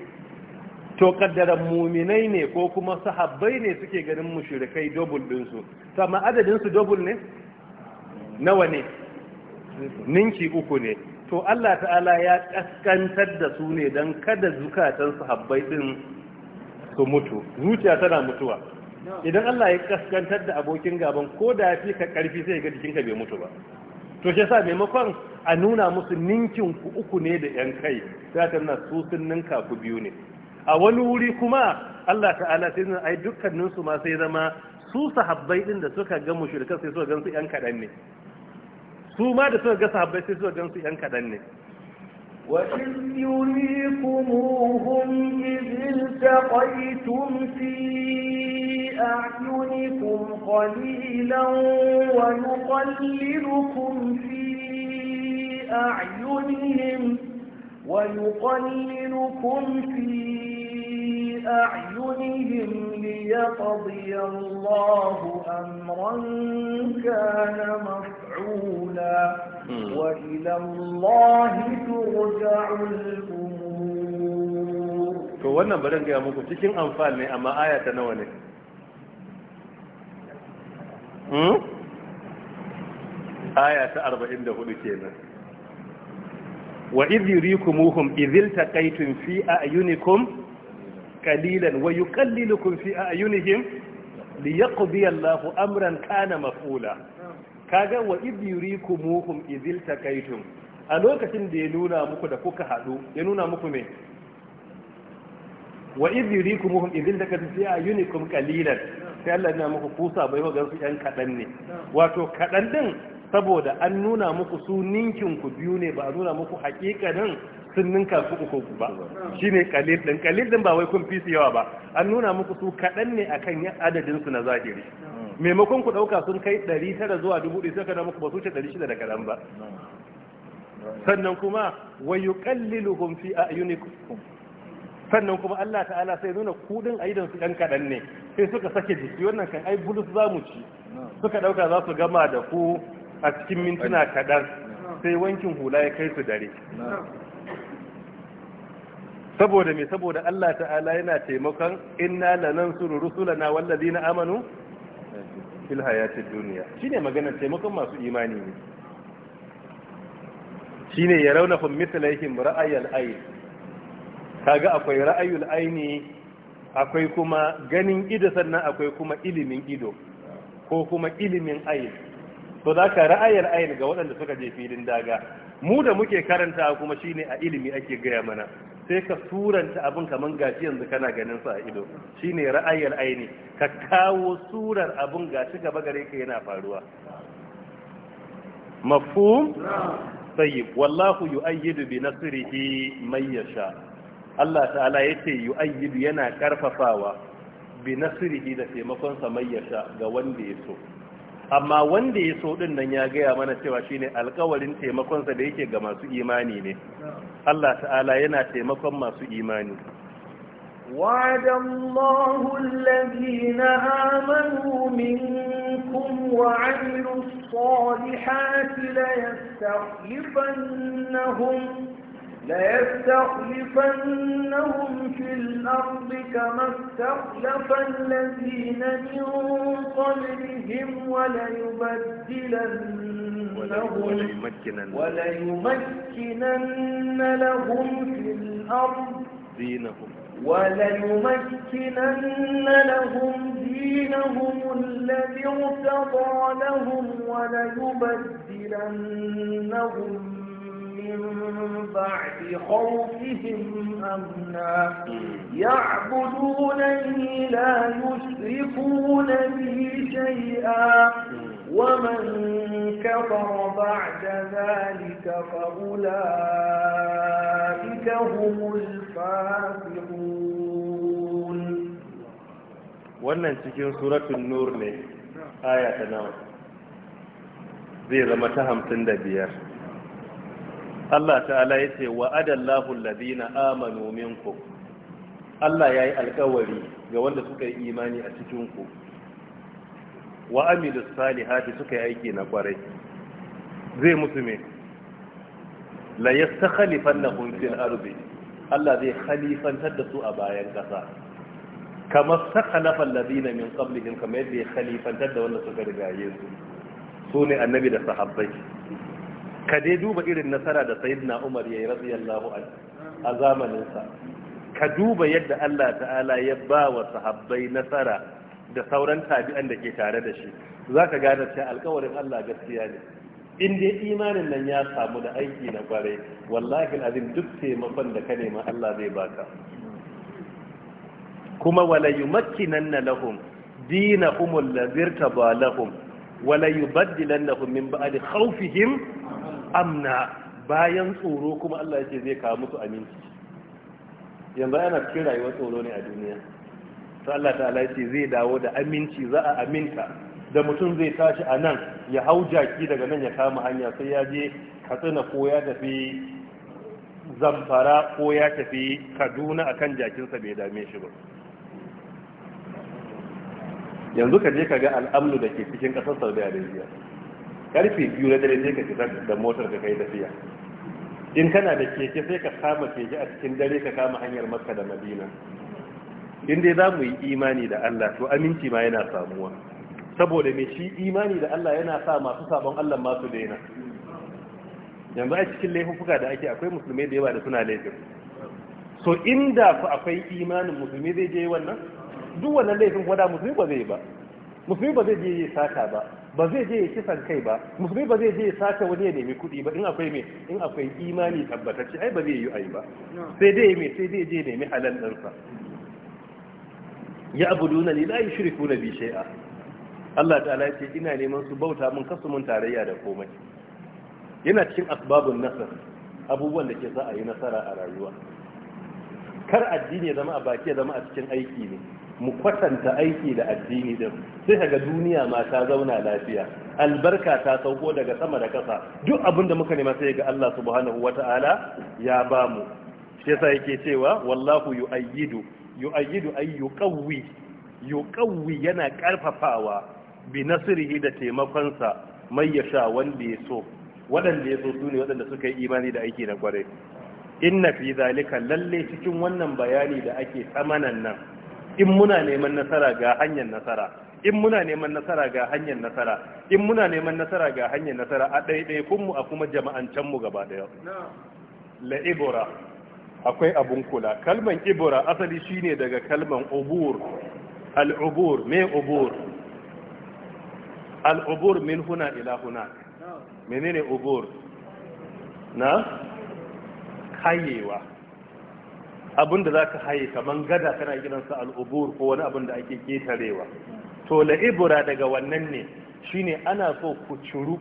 to kaddarar muminai ne ko kuma sahabbai ne suke ganin mushrikai double su, to amma adadin su double ne nawa ne ninki uku ne to Allah ta'ala ya kaskantar da su ne don kada zukatan sahabbai din su mutu zuciya tana mutuwa idan Allah ya kaskantar da abokin gaban ko da fi ka karfi sai ga jikinka bai mutu ba to shi sa maimakon a nuna musu ninkin ku uku ne da yan kai sai ta nuna su sun ninka ku biyu ne a wani wuri kuma Allah ta'ala sai nuna ai dukkanin su ma sai zama su sahabbai din da suka ga mushrikan sai suka gansu yan kadan ne su ma da suka ga sahabbai sai suka gansu yan kadan ne وإذ يريكموهم إذ التقيتم في أعينكم قليلا ويقللكم في أعينهم ويقللكم في أعينهم ليقضي الله أمرا كان مفعولا وإلى الله ترجع الأمور فوانا برنجي أموكو تشين أنفالني أما آية نواني آية أربع عند خلقينا وإذ يريكموهم إذ التقيتم في أعينكم qalilan wa yuqallilukum fi a'yunihim liyaqdi Allahu amran kana maf'ula kaga wa idh yurikumuhum idhil takaytum a lokacin da ya nuna muku da kuka haɗu ya nuna muku me wa idh yurikumuhum idhil takaytum fi a'yunikum kalilan sai Allah ya muku kusa bai wa gansu yan kaɗan ne wato kadan din saboda an nuna muku su ninkin ku biyu ne ba a nuna muku hakikanin sun ninka su uku ku ba shine kalil din kalil din ba wai kun fi su yawa ba an nuna muku su kaɗan ne akan adadin su na zahiri maimakon ku ɗauka sun kai ɗari tara zuwa dubu ɗaya sai muku ba su ce ɗari shida da kaɗan ba sannan kuma wa yuqalliluhum fi a'yunikum sannan kuma Allah ta'ala sai nuna kudin aidan su ɗan kaɗan ne sai suka sake jiki wannan kan ai bulus za mu ci suka ɗauka za su gama da ku a cikin mintuna kaɗan sai wankin hula ya kai su dare saboda me saboda Allah ta'ala yana taimakon inna lanansuru rusulana wallazina amanu fil hayatid dunya shine maganar taimakon masu imani ne shine ya raunahum mithlaihim ra'ayal ayn kaga akwai ra'ayul aini akwai kuma ganin ido sannan akwai kuma ilimin ido ko kuma ilimin ayn to da ka ra'ayar ayin ga waɗanda suka je filin daga mu da muke karanta kuma shine a ilimi ake gaya mana sai ka suranta abin kamar gashi yanzu kana ganin sa a ido shine ra'ayar aini ka kawo surar abin gashi gaba gare ka yana faruwa mafhum tayyib wallahu yu'ayyidu bi nasrihi man yasha Allah ta'ala ya ce yu'ayyidu yana karfafawa bi nasrihi da taimakonsa sa yasha ga wanda ya so amma wanda ya so ɗinnan ya gaya mana cewa shine alkawarin taimakonsa da yake ga masu imani ne Allah ta'ala yana taimakon masu imani wa'adallahu alladhina amanu minkum wa 'amilus-solihati layastakhlifannahum layastakhlifannahum fil-ardi kama istakhlafa alladhina min قبلهم وليبدلنهم وليمكنن لهم في الأرض وليمكنن لهم دينهم الذي ارتضى لهم وليبدلنهم من بعد خوفهم أمنا يعبدونني لا يشركون به شيئا ومن كفر بعد ذلك فأولئك هم الفاسقون wannan cikin suratul nur ne aya ta nawa zai zama ta hamsin da biyar Allah ta'ala ya ce wa adallahu alladhina amanu minkum Allah yayi alƙawari ga wanda suka yi imani a cikin ku wa amilus salihati suka yi aiki na kwarai zai musu me la yastakhlifannahum fil ardi Allah zai khalifantar da su a bayan ƙasa kamar sakhalafa alladhina min qablihim kama yadda ya khalifantar da wanda suka rigaye su sune annabi da sahabbai ka dai duba irin nasara da sayyidina Umar yayi radiyallahu anhu a zamaninsa ka duba yadda Allah ta'ala ya ba wa sahabbai nasara da sauran tabi'an da ke tare da shi zaka gane cewa alkawarin Allah gaskiya ne in dai imanin nan ya samu da aiki na kware wallahi azim duk taimakon da ka nema Allah zai baka kuma wala yumakkinanna lahum dinahum allazirta ba lahum wala yubaddilannahum min ba'di khawfihim amna bayan tsoro kuma Allah yake zai kawo musu aminci yanzu ana cikin rayuwar tsoro ne a duniya sai Allah ta'ala yake zai dawo da aminci za a aminta da mutum zai tashi a nan ya hau jaki daga nan ya kama hanya sai ya je katsina ko ya tafi zamfara ko ya tafi kaduna akan jakinsa bai dame shi ba yanzu ka je ka ga al'amlu da ke cikin ƙasar saudi arabia karfe biyu na dare sai ka fitar da motar ka kai tafiya in kana da keke sai ka kama keke a cikin dare ka kama hanyar makka da madina in dai za mu yi imani da allah to aminci ma yana samuwa saboda mai shi imani da allah yana sa masu sabon allah masu daina yanzu a cikin laifuka da ake akwai musulmai da yawa da suna laifin so inda ku akwai imanin musulmi zai je wannan duk wannan laifin kuma da musulmi ba zai ba musulmi ba zai je ya saka ba ba zai je ya kisan kai ba musulmi ba zai je ya sace wani ya nemi kuɗi ba in akwai mai in akwai imani tabbatacce ai ba zai yi ai ba sai dai me sai dai je nemi halal ɗansa ya abuduna ni la yushriku bi shay'a Allah ta'ala ce ina neman su bauta mun kasu mun tarayya da komai yana cikin asbabun nasar abubuwan da ke za a yi nasara a rayuwa kar addini ya zama a baki ya zama a cikin aiki ne mu kwatanta aiki da addini din sai ga duniya ma ta zauna lafiya albarka ta sauko daga sama da ƙasa. duk abin da muka nema sai ga Allah subhanahu wata'ala ya ba mu shi yasa yake cewa wallahu yu'ayyidu yu'ayyidu ay yuqawwi yuqawwi yana karfafawa bi nasrihi da taimakonsa mai yasha wanda ya so waɗanda ya so su ne waɗanda suka yi imani da aiki na kwarai inna fi zalika lalle cikin wannan bayani da ake tsamanan nan in muna neman nasara ga hanyar nasara in muna neman nasara ga hanyar nasara in muna neman nasara ga hanyar nasara a ɗaiɗaikunmu a kuma mu gaba ɗaya la ibora akwai abun kula kalman ibora asali shine daga kalman ubur al'ubur me ubur ubur min huna ila huna menene ubur na kayewa abin da za ka haye kamar gada kana kiransa al'ubur ko wani abin da ake ketarewa to la'ibura daga wannan ne shine ana so ku ciru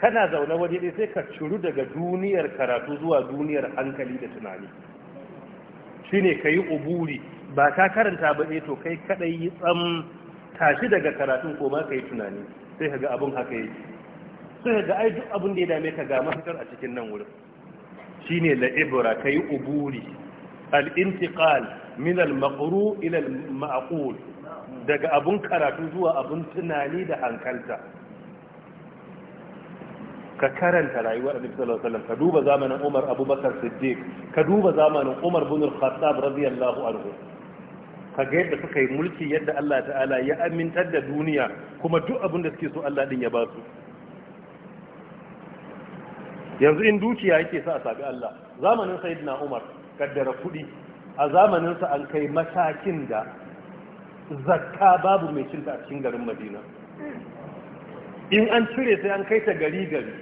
kana zaune waje ne sai ka ciru daga duniyar karatu zuwa duniyar hankali da tunani shine ka yi uburi ba ka karanta ba ɗaya eh to kai kaɗai yi tsam tashi daga karatun ko ka yi tunani sai ka ga abin haka yake sai ka ga ai duk abin da ya dame ka ga mafitar a cikin nan wurin shine la'ibra kai uburi al-intiqal min al-maqru ila al daga abun karatu zuwa abun tunani da hankalta ka karanta rayuwar annabi sallallahu alaihi ka duba zamanin Umar Abubakar Siddiq ka duba zamanin Umar bin Al-Khattab radiyallahu anhu ka ga yadda suka yi mulki yadda Allah ta'ala ya amintar da duniya kuma duk abin da suke so Allah din ya ba su yanzu in dukiya yake sa a sabi Allah zamanin sayyidina Umar kaddara kudi a zamanin sa an kai matakin da zakka babu mai cin ta a cikin garin Madina in an cire sai an kai ta gari gari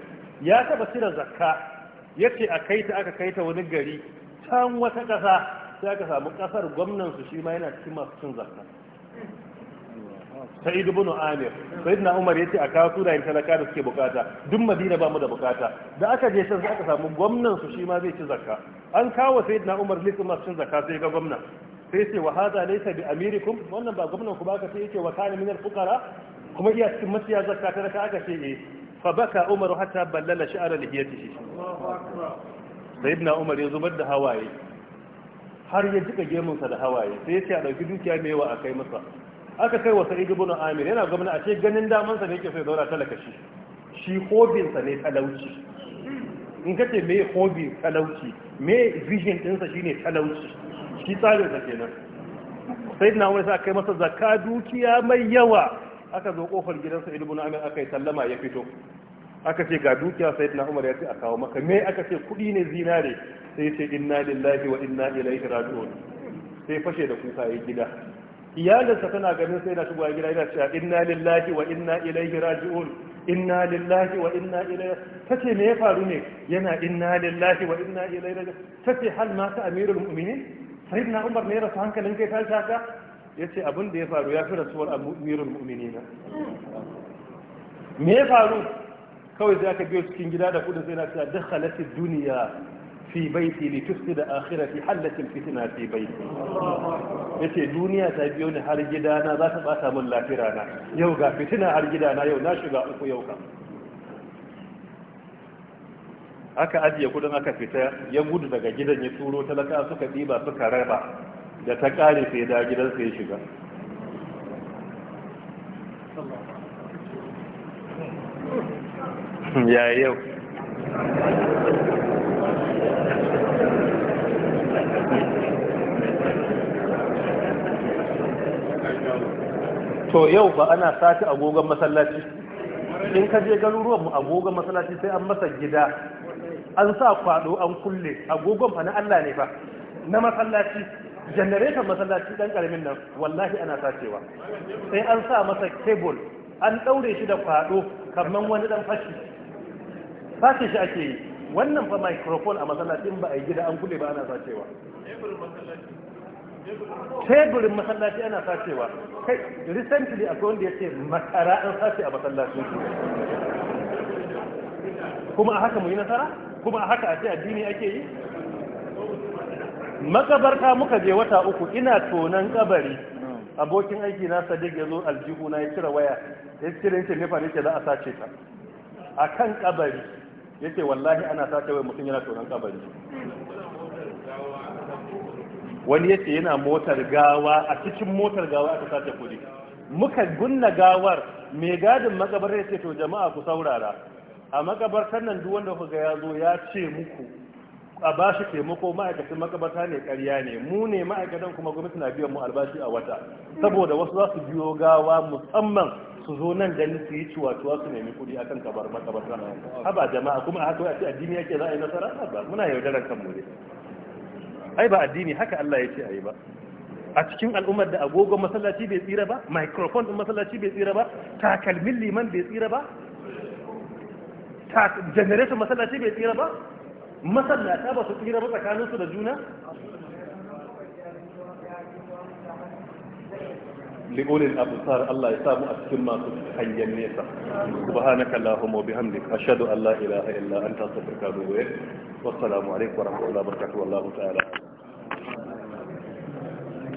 ya taba cire zakka yace a kai ta aka kai ta wani gari can wata kasa sai aka samu kasar gwamnan su shi ma yana cikin masu cin zakka sa'id ibn amir sayyidina umar yace a kawo sunayen talaka da suke bukata duk madina ba mu da bukata da aka je can sai aka samu gwamnan su shi ma zai ci zakka an kawo sayyidina umar lissu masu cin zakka sai ga gwamna sai ce wa hada laysa bi amirikum wannan ba gwamnan ku ba ka sai yace wa kana min al fuqara kuma iya cikin masiya zakka talaka aka ce eh fa baka umar hatta ballala sha'ara lihiyatihi Allahu sayyidina umar ya zubar da hawaye har ya jika gemunsa da hawaye sai ya ce a ɗauki dukiya mai yawa a kai masa aka kai wa sa'id ibn amir yana gwamna a ce ganin daman sa ne yake sai ya zauna talaka shi shi hobin sa ne talauci in ka ce me hobi talauci me vision din sa shine talauci shi tsarin sa kenan sai na wani sa kai masa zakka dukiya mai yawa aka zo kofar gidansa ibn amir aka yi sallama ya fito aka ce ga dukiya sai na umar ya ce a kawo maka me aka ce kudi ne zinare sai ce inna lillahi wa inna ilaihi raji'un sai fashe da kuka yi gida iyalinsa tana ganin sai na a gida yana cewa inna lillahi wa inna ilaihi raji'un inna lillahi wa inna ilaihi tace me ya faru ne yana inna lillahi wa inna ilaihi raji'un tace hal ma ta amirul mu'minin sayyidina umar ne rasu hankalin kai ta shaka yace abin da ya faru ya fi rasuwar amirul mu'minin me ya faru kawai sai aka biyo cikin gida da kudin sai na cewa dakhalatid duniya fi baiti li tusida akhirati hallatil fitina fi baiti yace duniya ta biyo ni har gidana za ta bata min lafira na yau ga fitina har gidana yau na shiga uku yau ka aka ajiye kudin aka fita ya gudu daga gidan ya turo talaka suka diba suka raba da ta kare sai da gidansa ya shiga ya yau to yau ba ana sati agogon masallaci in ka je garuruwan mu agogon masallaci sai an masa gida an sa kwado an kulle agogon fa na Allah ne fa na masallaci janareton masallaci dan karamin nan wallahi ana sacewa sai an sa masa cable an daure shi da kwado kamar wani dan fashi sace shi ake yi wannan fa microphone a masallacin ba a yi gida an kule ba ana sacewa teburin masallaci ana sacewa kai recently akwai wanda ya ce makara an sace a masallacin su kuma a haka mu yi nasara kuma a haka a ce addini ake yi makabarta muka je wata uku ina tonan kabari abokin aiki na sadiq ya zo aljihu na ya cire waya ya cire ce nefa ne ke za a sace ta a kan kabari yace wallahi ana sace wai mutum yana tsoron kabari wani yace yana motar gawa a cikin motar gawa aka sace kuɗi muka gunna gawar mai gadin makabar ce to jama'a ku saurara a makabartar nan duk wanda kuka ya zo ya ce muku a ba shi taimako ma'aikacin makabarta ne karya ne mu ne ma'aikatan kuma gwamnati na biyan mu albashi a wata saboda wasu za su biyo gawa musamman su zo nan gani su yi ciwatuwa su nemi kuɗi akan kabar makabarta haba jama'a kuma a wai a ce addini yake za a yi nasara ba muna yaudarar kanmu ne ai ba addini haka Allah ya ce a yi ba a cikin al'ummar da agogon masallaci bai tsira ba microphone din masallaci bai tsira ba takalmin liman bai tsira ba generator masallaci bai tsira ba masallata ba su tsira ba tsakaninsu da juna liulil absar Allah ya mu a cikin masu hangen nesa subhanaka allahumma bihamdik ashhadu an la ilaha illa anta astaghfiruka wa atubu ilaik wassalamu alaikum wa rahmatullahi wa barakatuh wallahu ta'ala